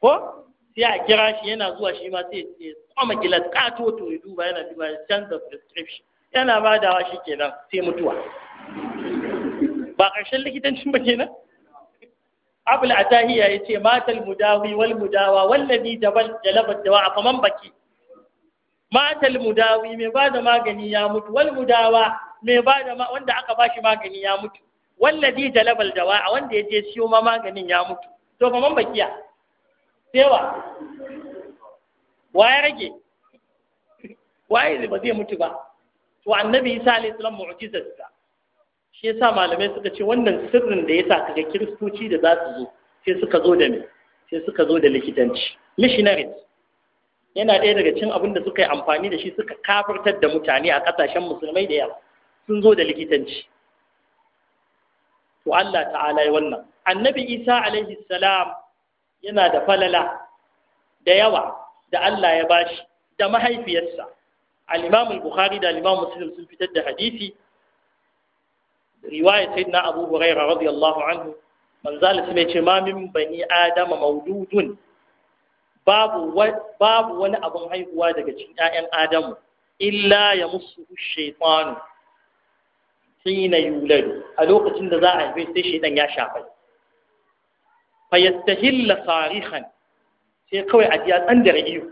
ko sai a kira shi yana zuwa shi ma sai ya tsoma gilas kato to ya duba yana duba ya canza prescription yana ba badawa shi kenan sai mutuwa ba ƙarshen likitancin ba kenan abul atahiya ya ce matal mudawi wal mudawa wallabi dabal jalabat dawa a faman baki matal mudawi mai ba da magani ya mutu wal mudawa mai ba da wanda aka ba shi magani ya mutu wallabi labal dawa a wanda ya je siyo ma maganin ya mutu to faman bakiya sewa wa ya rage waye ba zai mutu ba to annabi isa alayhi salam mu'jizarsa shi yasa malamai suka ce wannan sirrin da yasa kaga kiristoci da za su zo sai suka zo da me sai suka zo da likitanci missionaries yana ɗaya daga cin abin da suka yi amfani da shi suka kafirtar da mutane a ƙasashen musulmai da yawa sun zo da likitanci to Allah ta'ala ya wannan annabi Isa alaihi salam yana da falala da yawa da Allah ya bashi da mahaifiyarsa al-Imam al-Bukhari da al-Imam Muslim sun fitar da hadisi riwaya sayyidina Abu Hurairah radiyallahu anhu manzo Allah sai ce ma min bani adama maududun babu babu wani abun haihuwa daga cikin ƴaƴan Adamu illa ya musu shaytan hina yuladu a lokacin da za a haife sai shaytan ya shafa Fayyastahilla sarihan sai kawai a jiya tsan da ra'iyu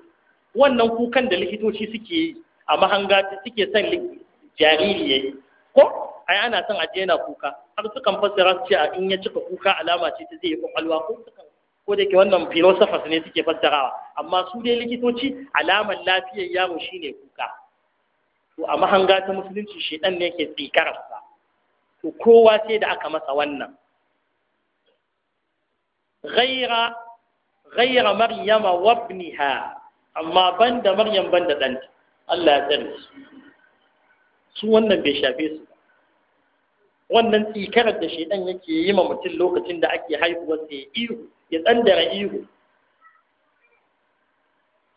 wannan kukan da likitoci suke yi a mahanga suke son jariri ya yi ko ai ana son a yana kuka har sukan fassara su ce a in ya cika kuka alama ce ta zai yi kwakwalwa ko sukan ko da ke wannan philosophers ne suke fassarawa amma su dai likitoci alamar lafiyar yaro shine kuka to a mahanga ta musulunci shedan ne yake tsikararsa to kowa sai da aka masa wannan ghaira ghaira maryama wa ibniha amma banda maryam banda danta Allah ya tsare su wannan bai shafe su ba wannan tsikarar da shedan yake yi ma mutum lokacin da ake haihuwa sai ihu ya tsandara ihu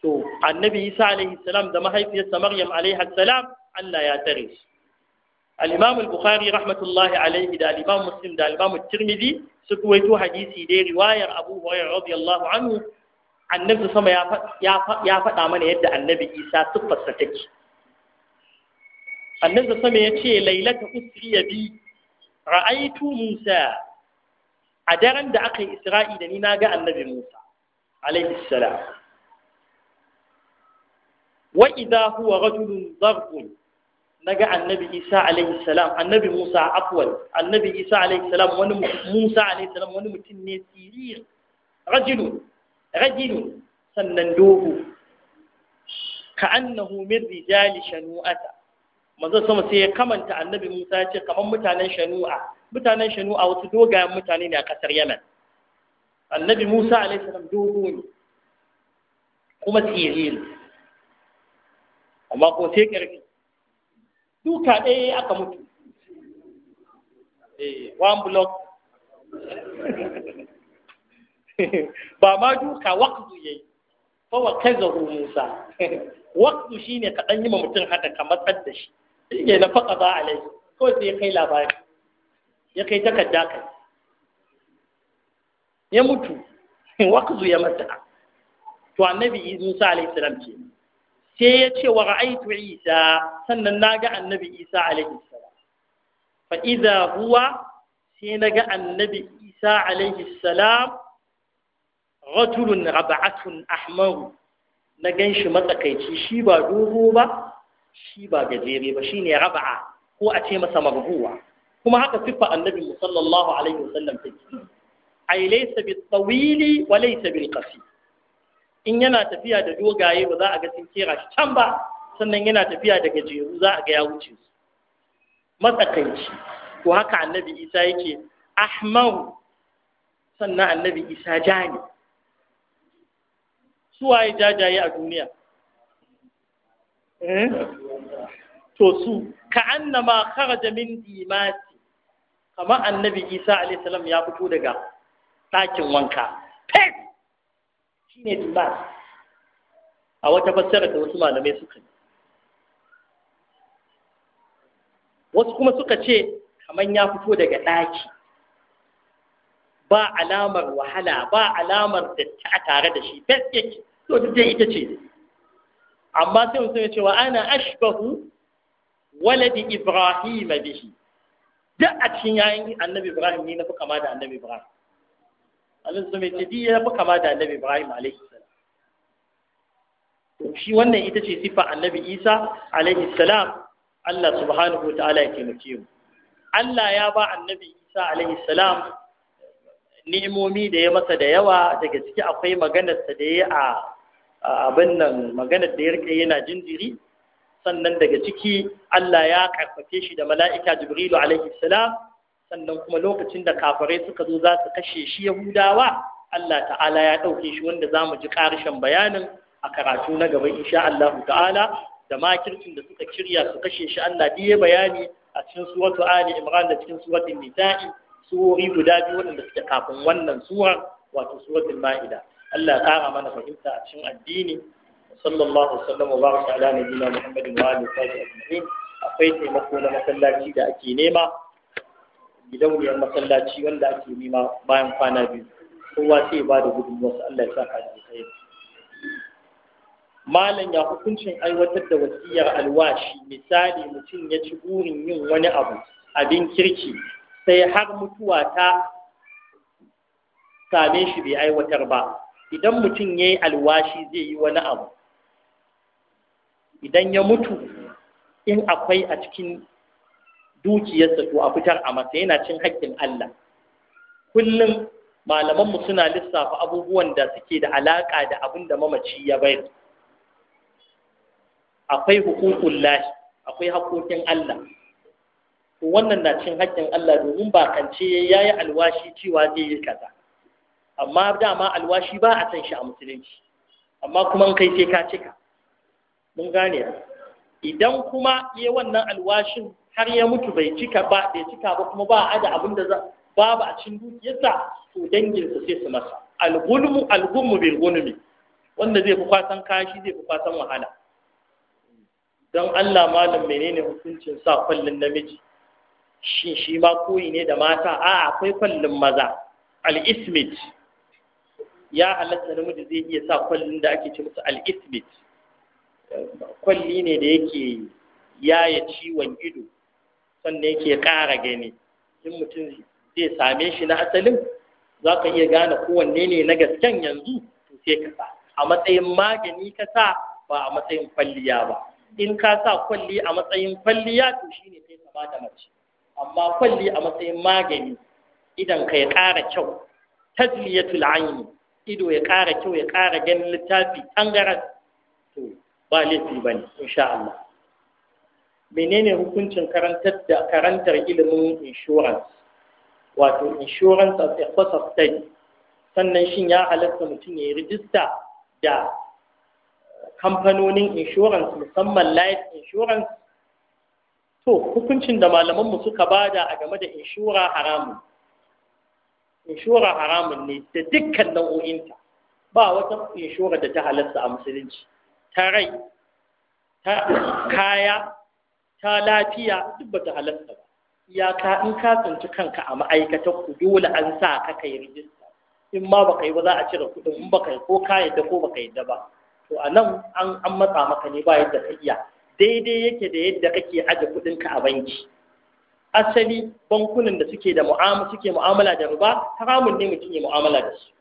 to annabi Isa alaihi salam da mahaifiyarsa Maryam alaihi salam Allah ya tsare su al-Imam al-Bukhari rahmatullahi alaihi da al-Imam Muslim da al-Imam Tirmidhi su ruwaito hadisi dai riwayar Abu Hurairah radiyallahu anhu annabi sama ya faɗa mana yadda annabi Isa tuffarsa take annabi sama ya ce lailata usriya bi ra'aitu Musa a daren da aka yi Isra'i da ni na ga annabi Musa alaihi salam wa idha huwa rajulun dharqun naga annabi Isa alaihi salam annabi Musa akwal annabi Isa alaihi salam wani Musa alaihi salam wani mutum ne sirir rajulun rajulun sannan dogo ka annahu min rijali shanu'ata manzo sama sai ya kamanta annabi Musa ya ce kamar mutanen shanu'a mutanen shanu'a wasu dogayen mutane ne a kasar Yemen annabi Musa alaihi salam dogo ne kuma siriri amma ko sai ƙarfi. duka ɗaya aka mutu eh, one block ba ma duka waqtu yayi fa wa kazahu Musa waqtu shine ka dan yi ma mutum haka ka matsar da shi ne na faqa ba alai ko sai kai labari ya kai takarda kai ya mutu waqtu ya mata to annabi Musa alaihi salam ce sai ya ce wa isa sannan na ga annabi isa alaihi salam fa idza huwa sai na annabi isa alaihi salam rajulun rab'atun ahmaru na ganshi shi matsakaici shi ba dogo ba shi ba gajere ba shine rab'a ko a ce masa marhuwa kuma haka siffa annabi sallallahu alaihi wasallam take ai laysa bit tawili wa laysa bil qasir in yana tafiya da dogaye ba za a ga sun kera shi can ba sannan yana tafiya da gajeru za a ga ya wuce su matsakaici Ko haka annabi isa yake ahmaru sannan annabi isa ja ne waye jajaye a duniya eh? to su ka annama kharaja min dimati kamar annabi isa alaihissalam ya fito daga ɗakin wanka pet shine dimas a wata fassara da wasu malamai suka yi wasu kuma suka ce kamar ya fito daga ɗaki ba alamar wahala ba alamar da ta tare da shi fes yake to duk dai ita ce amma sai mutum ya cewa ana ashbahu waladi ibrahim bihi duk a cikin yayin annabi ibrahim ne na fi kama da annabi ibrahim annabi sallallahu alaihi ya fi kama da annabi Ibrahim alaihi salam shi wannan ita ce sifa annabi Isa alaihi salam Allah subhanahu ta'ala ya taimake mu Allah ya ba annabi Isa alaihi salam ni'imomi da ya masa da yawa daga ciki akwai maganarsa da ya a abin nan maganar da ya rike yana jinjiri sannan daga ciki Allah ya karfafe shi da mala'ika Jibrilu alaihi salam sannan kuma lokacin da kafirai suka zo za su kashe shi yahudawa Allah ta'ala ya ɗauke shi wanda za mu ji ƙarshen bayanin a karatu na gaba insha Allah ta'ala da makircin da suka kirya su kashe shi Allah ya bayani a cikin suratu Ali Imran da cikin suratul Nisa'i suwori guda biyu waɗanda suke kafin wannan suwar wato suratul Ma'ida Allah ya ƙara mana fahimta a cikin addini sallallahu alaihi wa baraka ala nabiyina Muhammadin wa alihi wa sahbihi akwai taimako na masallaci da ake nema wuyar masallaci wanda ake nema bayan kwana biyu kowa sai ba da wasu Allah ya sa ka ji kai malam ya hukuncin aiwatar da wasiyar alwashi misali mutum ya ci burin yin wani abu abin kirki sai har mutuwa ta same shi bai aiwatar ba idan mutum ya yi alwashi zai yi wani abu idan ya mutu in akwai a cikin dukiyarsa to a fitar a masa yana cin haƙƙin Allah kullum malamanmu suna lissafa abubuwan da suke da alaƙa da abin da mamaci ya bayar akwai hukukun lashi, akwai haƙoƙin Allah to wannan na cin haƙƙin Allah domin ba kance ya yi alwashi cewa zai yi kaza amma dama alwashi ba a san shi a musulunci amma kuma kai sai ka cika mun gane idan kuma ya wannan alwashin har ya mutu bai cika ba bai cika ba kuma ba a da abin da za babu a cikin dukiyarsa to danginsa sai su masa al-ghulmu al-ghummu bil ghulmi wanda zai fi kwasan kashi zai fi kwasan wahala don Allah malam menene hukuncin sa kwallin namiji shin shi ma koyi ne da mata a akwai kwallin maza al-ismit ya halatta namiji zai iya sa kwallin da ake ce musu al-ismit kwalli ne da yake yaya ciwon ido wanda yake ƙara gani in mutum zai same shi na asalin za ka iya gane kowanne ne na gasken yanzu to sai ka sa a matsayin magani ka sa ba a matsayin kwalliya ba in ka sa kwalli a matsayin kwalliya to shi ne sai ka da mace amma kwalli a matsayin magani idan ka ya ƙara kyau tazliyatul aini ido ya ƙara kyau ya ƙara ganin littafi tangaran to ba laifi ne insha Allah menene hukuncin karantar da karantar ilimin insurance wato insurance as a course of study sannan shin ya halatta mutum ya yi rijista da eh, kamfanonin insurance musamman life insurance to hukuncin da mu suka bada a game da inshura haramun inshura haramun ne da dukkan nau'o'inta ba wata inshura da ta halatta a musulunci ta rai ta kaya Ka lafiya duk bata halatta ba Ya ka in ka tsinci kanka a ma'aikata ku dole an sa ka kai rijista in ma baka yi ba za a cire kuɗin in baka yi ko ka yadda ko baka yadda ba to a nan an an matsa maka ne ba yadda ka iya daidai yake da yadda kake aje kuɗin ka a banki asali bankunan da suke da mu'amala suke mu'amala da ruba haramun ne mutum ya mu'amala da su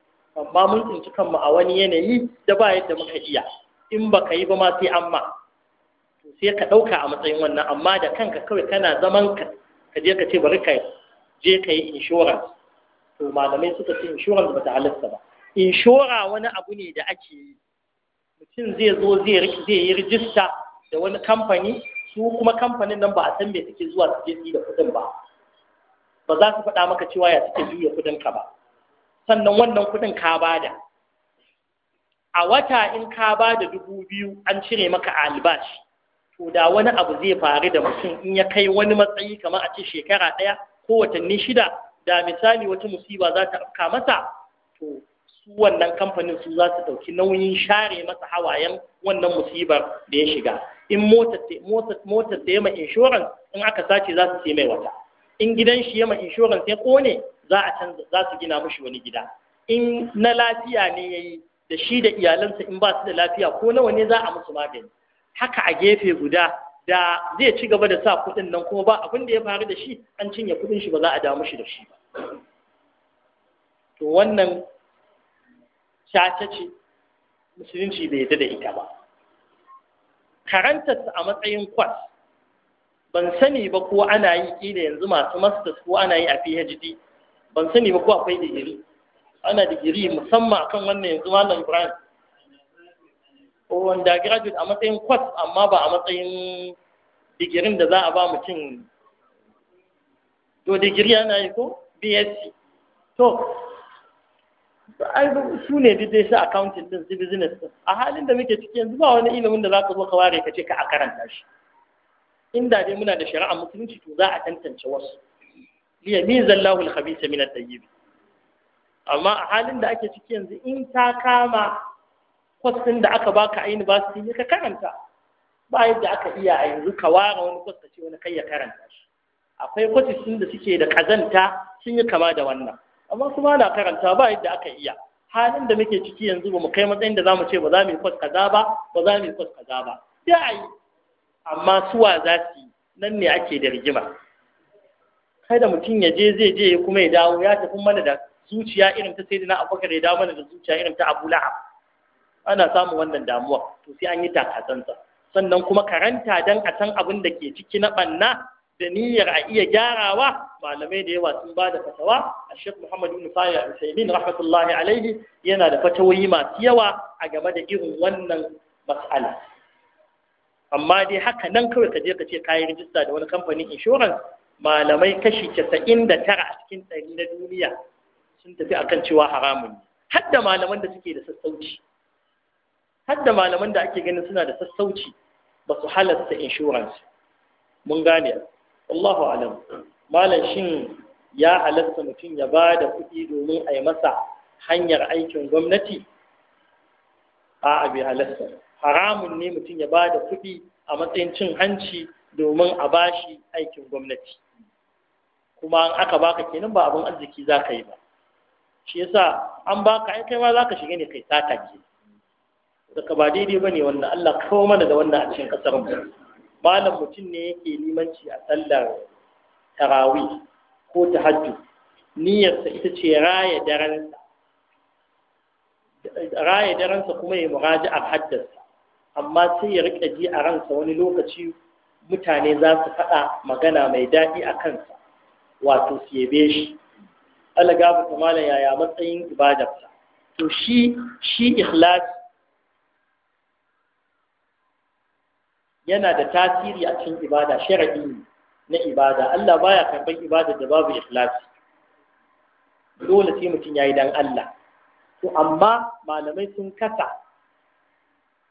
amma mun tsinci kanmu a wani yanayi da ba yadda muka iya in baka yi ba ma sai amma sai ka ɗauka a matsayin wannan amma da kanka kawai kana zaman ka ka je ka ce bari ka je ka yi insurance to malamai suka ce insurance bata ta ba inshora wani abu ne da ake yi mutum zai zo zai yi rijista da wani kamfani su kuma kamfanin nan ba a san me suke zuwa su je da kuɗin ba ba za su faɗa maka cewa ya suke juya kuɗin ka ba sannan wannan kuɗin ka bada a wata in ka bada dubu biyu an cire maka albashi to da wani abu zai faru da mutum in ya kai wani matsayi kamar a ce shekara ɗaya ko watanni shida da misali wata musiba za ta afka masa to su wannan kamfanin su za su ɗauki nauyin share masa hawayen wannan musibar da ya shiga in motar da ya ma inshoran in aka sace za su mai wata in gidan shi ya ma inshoran ya kone za a canza za su gina mushi wani gida in na lafiya ne ya yi da shi da iyalansa in ba su da lafiya ko nawa ne za a musu magani haka a gefe guda da zai ci gaba da sa kuɗin nan kuma ba abin da ya faru da shi an cinye kuɗin shi ba za a damu shi da shi ba to wannan cace ce musulunci bai yadda da ita ba karantarsa a matsayin kwas ban sani ba ko ana yi ƙila yanzu masu masters ko ana yi a phd ban sani ba ko akwai digiri ana digiri musamman akan wannan yanzu malam ibrahim ko wanda graduate a matsayin kwas amma ba a matsayin digirin da za a ba mutum to digiri yana yi ko bsc to su ne dai su accounting din su business din a halin da muke ciki yanzu ba wani ilimin da za ka zo ka ware ka ce ka a karanta shi inda dai muna da shari'a musulunci to za a tantance wasu liya mizan lahul khabisa min at-tayyib amma a halin da ake ciki yanzu in ta kama kwas ɗin da aka baka a university ya ka karanta ba yadda aka iya a yanzu ka ware wani kwas ka ce wani kai ya karanta shi akwai kwasis ɗin da suke da kazanta sun yi kama da wannan amma kuma na karanta ba yadda aka iya halin da muke ciki yanzu ba mu kai matsayin da za mu ce ba za mu yi kwas kaza ba ba za mu yi kwas kaza ba da a yi amma za su yi nan ne ake da rigima kada mutum ya je zai je kuma ya dawo ya tafi mana da zuciya irin ta sai na abubakar ya dawo mana da zuciya irin ta abu lahab ana samun wannan damuwa to sai an yi takatsantsa sannan kuma karanta dan a san abin da ke ciki na banna da niyyar a iya gyarawa malamai da yawa sun ba da fatawa a shek muhammad ibn al usaimin rahmatullahi alaihi yana da fatawoyi masu yawa a game da irin wannan mas'ala amma dai haka nan kawai ka je ka ce kayi rijista da wani kamfanin insurance malamai kashi casa'in da tara a cikin ɗari na duniya sun tafi akan cewa haramun ne malaman da suke da sassauci har da malaman da ake ganin suna da sassauci ba su halasta insurance mun gane Allahu alam malam shin ya halasta mutum ya ba da kuɗi domin a yi masa hanyar aikin gwamnati a bai halasta haramun ne mutum ya ba da kuɗi a matsayin cin hanci domin a bashi aikin gwamnati kuma an aka baka kenan ba abin arziki za ka yi ba shi yasa an baka ai kai ma za ka shiga ne kai sata kenan daga ba daidai bane wannan Allah kawo mana da wannan a cikin kasar mu malam mutum ne yake limanci a sallar tarawi ko tahajjud niyyarsa ita ce raya daransa raya daransa kuma ya muraji a haddasa amma sai ya rike ji a ransa wani lokaci mutane za su faɗa magana mai daɗi a kansa wato su yabe shi alagabu kamala yaya matsayin ibadarsa to shi shi ikhlas yana da tasiri a cikin ibada shar'i na ibada Allah baya karɓar ibada da babu ikhlasi dole sai mutum yayi dan Allah to amma malamai sun kasa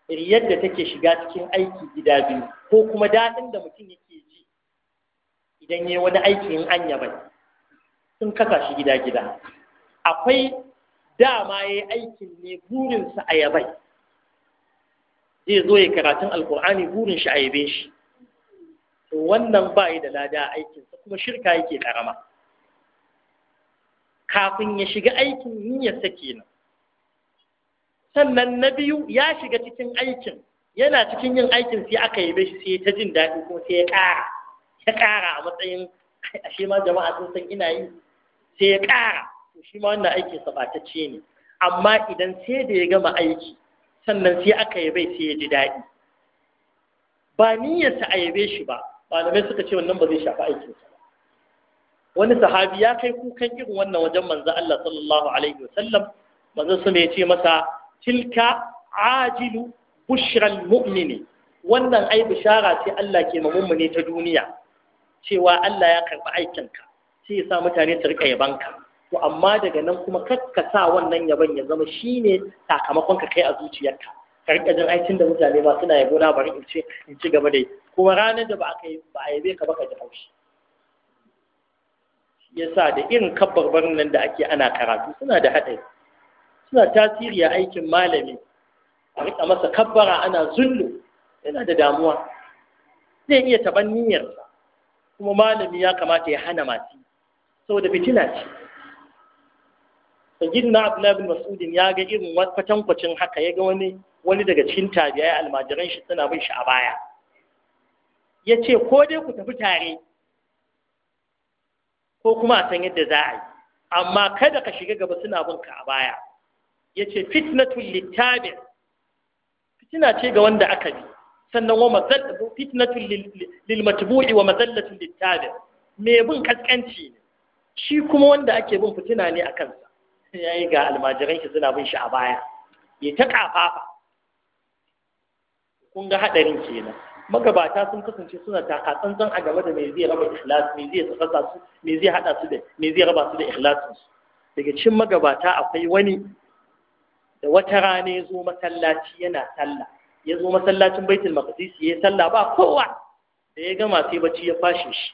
riyar da take shiga cikin aiki gida biyu ko kuma daɗin da mutum yake ji idan yayi wani aiki in anya bai sun kasa shi gida gida akwai dama yayi aikin ne burinsa a yabai zai zo ya karatun alkur'ani burin shi a yabe shi wannan ba yi da lada a sa kuma shirka yake karama kafin ya shiga aikin ya sake nan sannan na biyu ya shiga cikin aikin yana cikin yin aikin sai aka yabe shi sai ta jin daɗi ko sai ya ƙara ya ƙara a matsayin ashe ma jama'a sun san ina yi sai ya ƙara to shi ma wannan aikin ce ne amma idan sai da ya gama aiki sannan sai aka yabe sai ya ji daɗi ba niyyarsa a yabe shi ba malamai suka ce wannan ba zai shafi aikinsa ba wani sahabi ya kai kukan irin wannan wajen manzo Allah sallallahu alaihi wasallam manzo sun ya ce masa tilka ajilu bushral mu'mini wannan ai bishara ce Allah ke ma mummune ta duniya cewa Allah ya karɓi aikinka sai ya sa mutane su rika yabanka to amma daga nan kuma kakkasa wannan yaban ya zama shine sakamakon ka kai a zuciyarka karka jin aikin da mutane ba suna yabo na bari in ce in ci gaba dai kuma ranar da ba a kai ba a yabe ka ba ka ji haushi yasa da irin kabbarbarin nan da ake ana karatu suna da haɗari suna tasiri a aikin malami a rika masa kabbara ana zullu yana da damuwa zai iya taɓa niyyarsa kuma malami ya kamata ya hana masu saboda fitina ce na abdullahi bin mas'udin ya ga irin kwatankwacin haka ya ga wani wani daga cikin tabi'ai almajiran shi suna bin shi a baya ya ce ko dai ku tafi tare ko kuma a san yadda za a yi amma kada ka shiga gaba suna bin ka a baya ya ce fitnatul littabi fitina ce ga wanda aka bi sannan wa mazallatu fitnatul lil wa mazallatul littabi me bin kaskanci ne shi kuma wanda ake bin fitina ne akan ya yi ga almajiran shi suna bin shi a baya ya ta kafafa kun ga haɗarin kenan magabata sun kasance suna taka tsantsan a game da me zai raba ikhlas me zai tsakasa su me zai hada su da me zai raba su da ikhlasin su daga cikin magabata akwai wani da wata rana ya zo masallaci yana sallah ya zo masallacin baitul maqdis ya sallah ba kowa da ya gama sai bacci ya fashe shi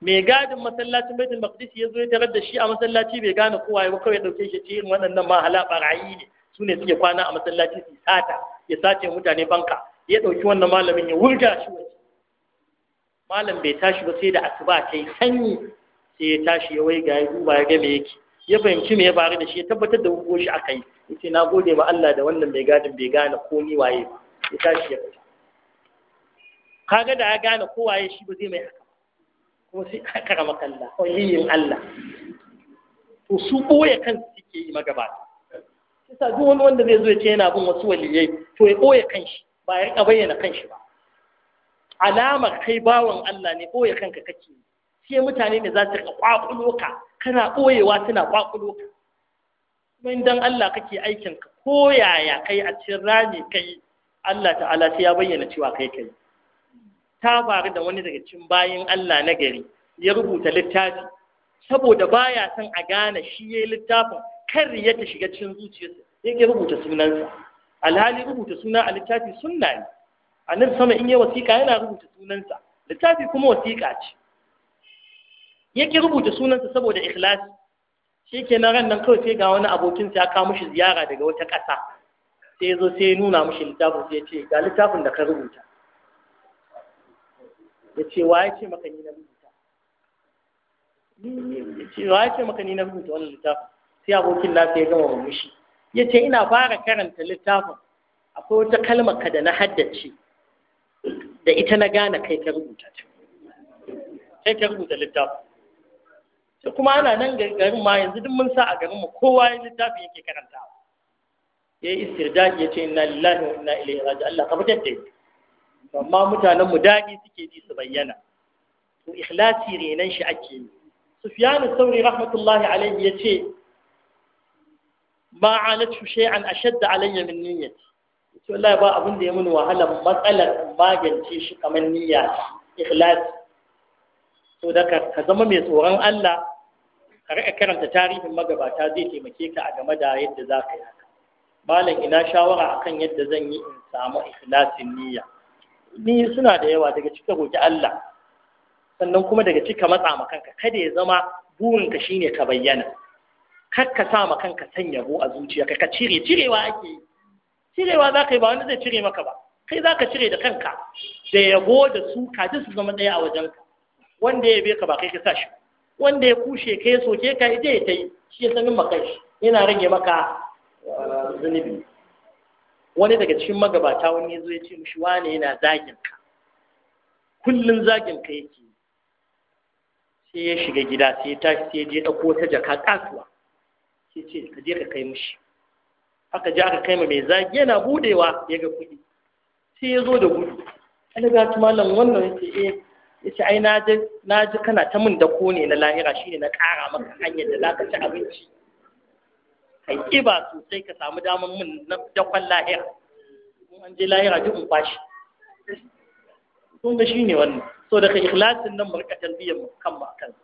mai gadin masallacin baitul maqdis ya zo ya tarar da shi a masallaci bai gane kowa ba kawai dauke shi irin waɗannan ma hala barayi ne su ne suke kwana a masallaci su sata ya sace mutane banka ya dauki wannan malamin ya wurga shi waje malam bai tashi ba sai da asuba ta yi sanyi sai ya tashi ya waiga ya duba ya ga me yake ya fahimci me ya faru da shi ya tabbatar da hukumo shi aka yi yace na gode ma Allah da wannan mai gadin bai gane ko ni waye ya tashi ya fita kaga da ya gane ko waye shi ba zai mai haka wasu akara makalla waliyin Allah to su ɓoye kan suke yi magabata yasa duk wani wanda zai zo ya ce yana bin wasu waliyai to ya ɓoye kanshi ba ya riƙa bayyana kanshi ba alamar kai bawan Allah ne ɓoye kanka kake sai mutane ne za su riƙa ƙwaƙulo ka kana ɓoyewa suna ƙwaƙulo ka kuma dan Allah kake aikin ka ko yaya kai a cikin rami kai Allah ta'ala sai ya bayyana cewa kai kai ta faru da wani daga cikin bayan Allah na gari ya rubuta littafi saboda baya son a gane shi ya yi littafin kar ya ta shiga cikin zuciyarsa ya ke rubuta sunansa alhali rubuta suna a littafi sunna ne a nan sama in yi wasiƙa yana rubuta sunansa littafi kuma wasiƙa ce Ya ke rubuta sunansa saboda ikhlasi shi ke na ran nan kawai sai ga wani abokin ya kawo mishi ziyara daga wata ƙasa sai zo sai nuna mishi littafin sai ce ga littafin da ka rubuta ya ce wa ya ce maka ni na rubuta ya ce wa ya ce maka ni na rubuta wannan littafin sai abokin nasa ya gama murmushi ya ce ina fara karanta littafin akwai wata kalmar ka da na haddace da ita na gane kai ka rubuta ta kai ka rubuta littafin sai kuma ana nan garin ma yanzu duk mun sa a garin mu kowa ya littafin yake karantawa ya yi istirdaji ya ce inna lillahi wa inna ilaihi raji'un Allah ka fitar da amma mutanen mu daɗi suke ji su bayyana to ikhlasi renan shi ake yi sufyan sauri rahmatullahi alaihi yace ma alatu shay'an ashadd alayya min niyyati to wallahi ba abin da ya mun wahala matsalar magance shi kamar niyya ikhlasi to da ka zama mai tsoron Allah ka rika karanta tarihin magabata zai taimake ka a game da yadda za ka yi haka malam ina shawara akan yadda zan yi in samu ikhlasin niyya ni suna da yawa daga cika goge Allah sannan kuma daga cika matsa ma kanka kada ya zama burinka shine ka bayyana kar ka sa ma kanka san yabo a zuciya ka cire cirewa ake yi cirewa za ka yi ba wani zai cire maka ba kai za ka cire da kanka da yabo da suka duk su zama ɗaya a wajenka wanda ya yabe ka ba kai ka sa shi wanda ya kushe ka ya soke ka ita ya ta yi shi ya sanin maka shi yana rage maka uh, zunubi wani daga cikin magabata wani ya zo ya ce mushi wane yana zagin ka kullum zagin ka yake sai ya shiga gida sai ya tashi sai ya je ɗauko ta jaka kasuwa sai ce ka je ka kai mushi aka je aka kai mai zagi yana budewa ya ga kuɗi sai ya zo da gudu ana ga ta malam wannan yake eh yace ai na ji na ji kana ta min dako ne na lahira shine na ƙara maka hanyar da zaka ci abinci kai ƙiba sosai ka samu damar mun na dakon lahira in an je lahira duk in kwashi kun ga shine wannan so daga ikhlasin nan mu rika talbiyar mu kan ba kan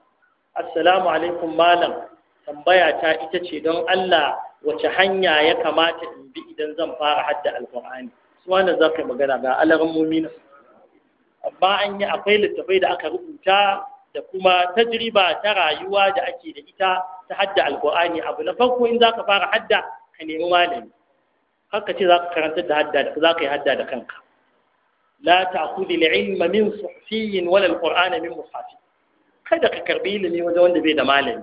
assalamu alaikum malam tambaya ta ita ce don Allah wace hanya ya kamata in bi idan zan fara hadda alqur'ani su wannan za ka yi magana ga alarin mumina amma an yi akwai littafai da aka rubuta da kuma tajriba ta rayuwa da ake da ita ta hadda alkur'ani abu na farko in zaka fara hadda ka nemi malami haka ce zaka karanta da hadda zaka yi hadda da kanka la ta'khudhi al-ilma min suhfiyyin wala al-qur'ana min mushafi kada ka karbi ilimi wajen wanda bai da malami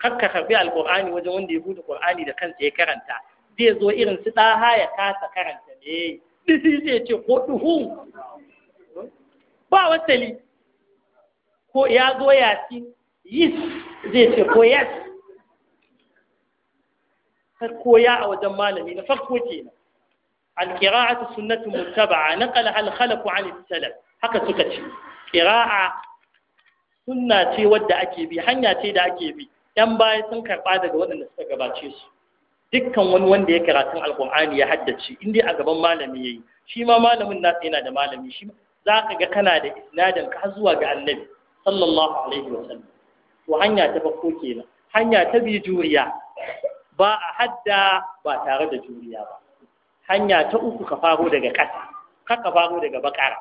kar ka karbi alkur'ani wajen wanda ya bude qur'ani da kansa ya karanta zai zo irin su daha ya kasa karanta ne eh, disi zai ce ko duhu ba wasali ko ya zo ci yis zai ce ko yas koya ya a wajen malami na farko ke nan alƙira'atu sunnatu muttaba'a Na al-khalaqu 'an salaf haka suka ce ƙira'a sunna ce wadda ake bi hanya ce da ake bi yan baya sun karɓa daga waɗanda suka gabace su dukkan wani wanda ya karatun alƙur'ani ya haddace inda a gaban malami ya yi. shi ma malamin nasa yana da malami shi za ka ga kana da isnadin ka zuwa ga annabi sallallahu alaihi wa sallam to hanya ta farko kenan hanya ta bi juriya ba a hadda ba tare da juriya ba hanya ta uku ka faro daga ƙasa ka ka faro daga bakara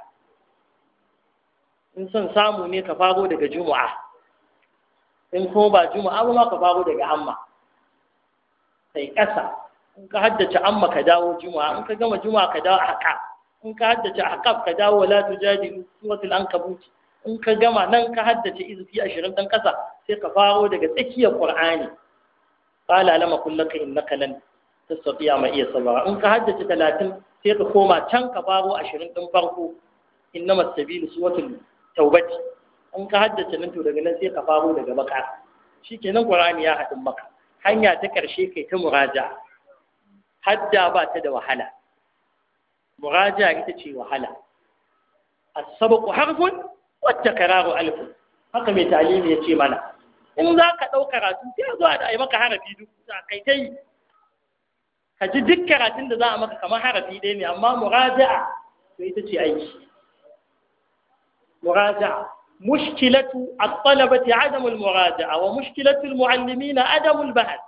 in son samu ne ka faro daga juma'a in kuma ba juma'a ba ma ka faro daga amma sai ƙasa in ka haddace amma ka dawo juma'a in ka gama juma'a ka dawo haka in ka haddace haka ka dawo wala tujadilu suratul ankabut in ka gama nan ka haddace izifi ashirin ɗan ƙasa sai ka faro daga tsakiyar ƙur'ani ƙala lama kullaka innaka ta tastafiya ma iya sabara in ka haddace talatin sai ka koma can ka faro ashirin ɗin farko in innama su watan taubaci in ka haddace nan to daga nan sai ka faro daga baka nan ƙur'ani ya haɗin maka hanya ta ƙarshe kai ta muraja hadda ba ta da wahala muraja ita ce wahala السبق حرف wacce kararu haka mai talimi ya ce mana in za ka ɗau karatu sai a zuwa da a yi maka harafi duk a kai ta yi ka ji duk karatun da za a maka kamar harafi ɗaya ne amma muraja'a to ita ce aiki muraja'a mushkilatu at-talabati adam al-muraja'a wa mushkilatu al-muallimina adam al-bahth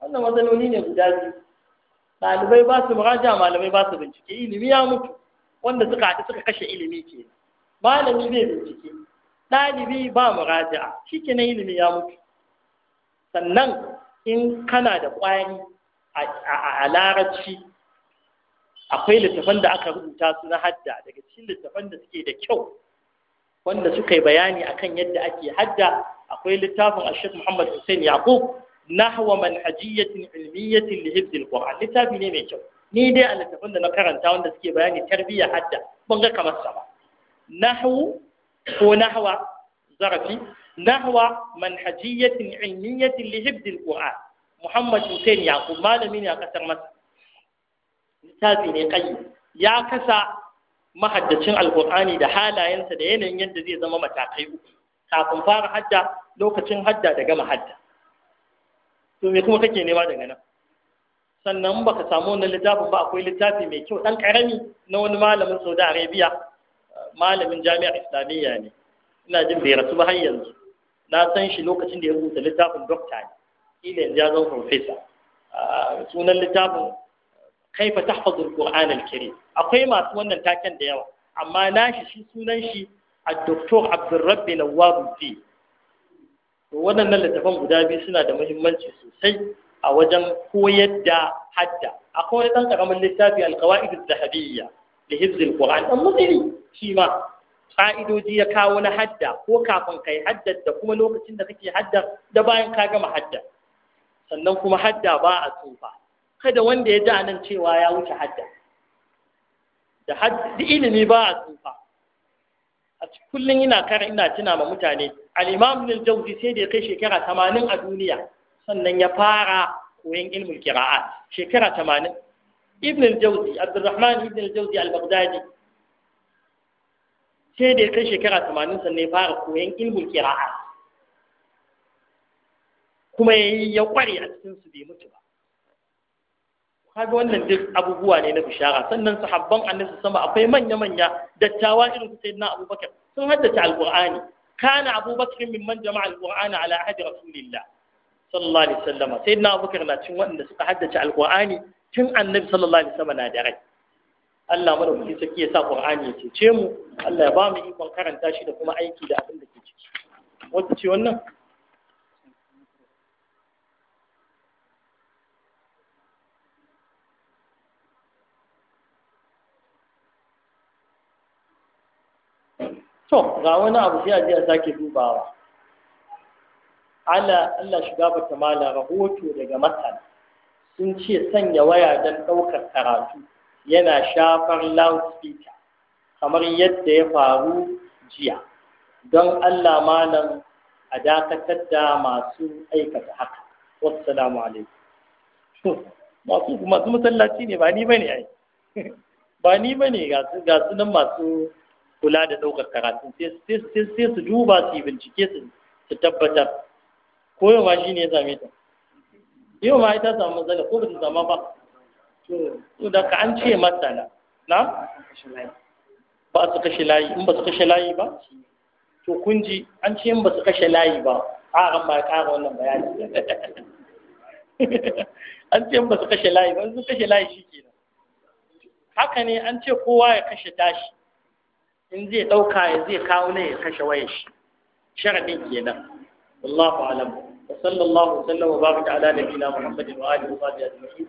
wannan matsaloli ne guda biyu ɗalibai ba su muraja'a malamai ba su bincike ilimi ya mutu wanda suka haɗu suka kashe ilimi kenan malami zai bincike ɗalibi ba muraja'a ke na ilimi ya mutu sannan in kana da ƙwari a larabci akwai littafan da aka rubuta su na hadda daga cikin littafan da suke da kyau wanda suka yi bayani akan yadda ake hadda akwai littafin ashek muhammad hussein yaqub nahwa manhajiyatin ilmiyatin li hifdil qur'an littafi ne mai kyau ni dai a littafin da na karanta wanda suke bayani tarbiyya hadda ban ga kamar sa ba nahwu ko nahwa zarafi nahwa manhajiyatin ilmiyatin li hibdil qur'an muhammad hussein yaqub malami ne a kasar masar littafi ne kai ya kasa mahaddacin alqur'ani da halayensa da yanayin yadda zai zama matakai uku kafin fara hadda lokacin hadda da gama to me kuma kake nema daga nan sannan baka samu wannan littafin ba akwai littafi mai kyau Ɗan karami na wani malamin Saudi Arabia malamin jami'ar islamiyya ne ina jin bai rasu ba har yanzu na san shi lokacin da ya rubuta littafin dokta ne kila yanzu ya zama profesa ah, sunan littafin kaifa tahfazul qur'an al-karim akwai masu wannan taken da yawa amma nashi shi sunan shi الدكتور عبد الرب نواب في waɗannan littafan guda biyu suna da muhimmanci sosai a wajen koyar da hadda akwai wani ɗan ƙaramin littafi alƙawa'id zahabiyya da hibzil qur'an dan mutsiri shi ma ƙa'idoji ya kawo na hadda ko kafin kai hadda da kuma lokacin da kake hadda da bayan ka gama hadda. sannan kuma hadda ba a tsufa kada wanda ya ji anan cewa ya wuce hadda da hadda ilimi ba a tsufa a kullum ina kara ina tuna ma mutane al'imam imam sai da ya kai shekara tamanin a duniya sannan ya fara koyon ilmul qira'at shekara tamanin. ibn al-jawzi abdurrahman ibn al-jawzi al-baghdadi sai dai kai shekara tamanin sannan ya fara koyon ilmul kira'a kuma ya yi kware a cikin su bai mutu ba kaga wannan duk abubuwa ne na bishara sannan sahabban annabi sama akwai manya-manya dattawa irin su sayyidina abubakar sun haddace alqur'ani kana abubakar min man jama'a alqur'ana ala ahdi rasulillah sallallahu alaihi wasallam sayyidina abubakar na cin waɗanda suka haddace alqur'ani tun annabi sallallahu alaihi wasallam na da rai Allah kuke sarki ya sa Qur'ani ya cece mu Allah ya ba mu ikon karanta shi da kuma aiki da abin da ke ciki wata ce wannan to ga wani abu sai a ya a sake dubawa ala Allah shiga bata mala rahoto daga matan sun ce sanya waya don ɗaukar karatu yana shafar loudspeaker kamar yadda ya faru jiya don Allah malam a dakatar da masu aikata haka wassalamu alaikum masu masu masallaci ne ba ni bane ai ba ni bane ga su nan masu kula da ɗaukar karatu sai su duba su bincike su tabbatar ko yau ma shi ne ya same ta yau ma ita samu matsala ko ba ta sama ba to to da ka an ce matsala na ba su kashe layi in ba su kashe layi ba to kun ji an ce in ba su kashe layi ba ƙaran ba ƙara wannan bayani an ce in ba su kashe layi ba su kashe layi shi kenan haka ne an ce kowa ya kashe tashi in zai dauka ya zai kawo ne ya kashe wayar shi sharaɗin kenan wallahu alam wa sallallahu alaihi wa sallam wa baraka ala nabiyina muhammadin wa alihi wa sahbihi ajma'in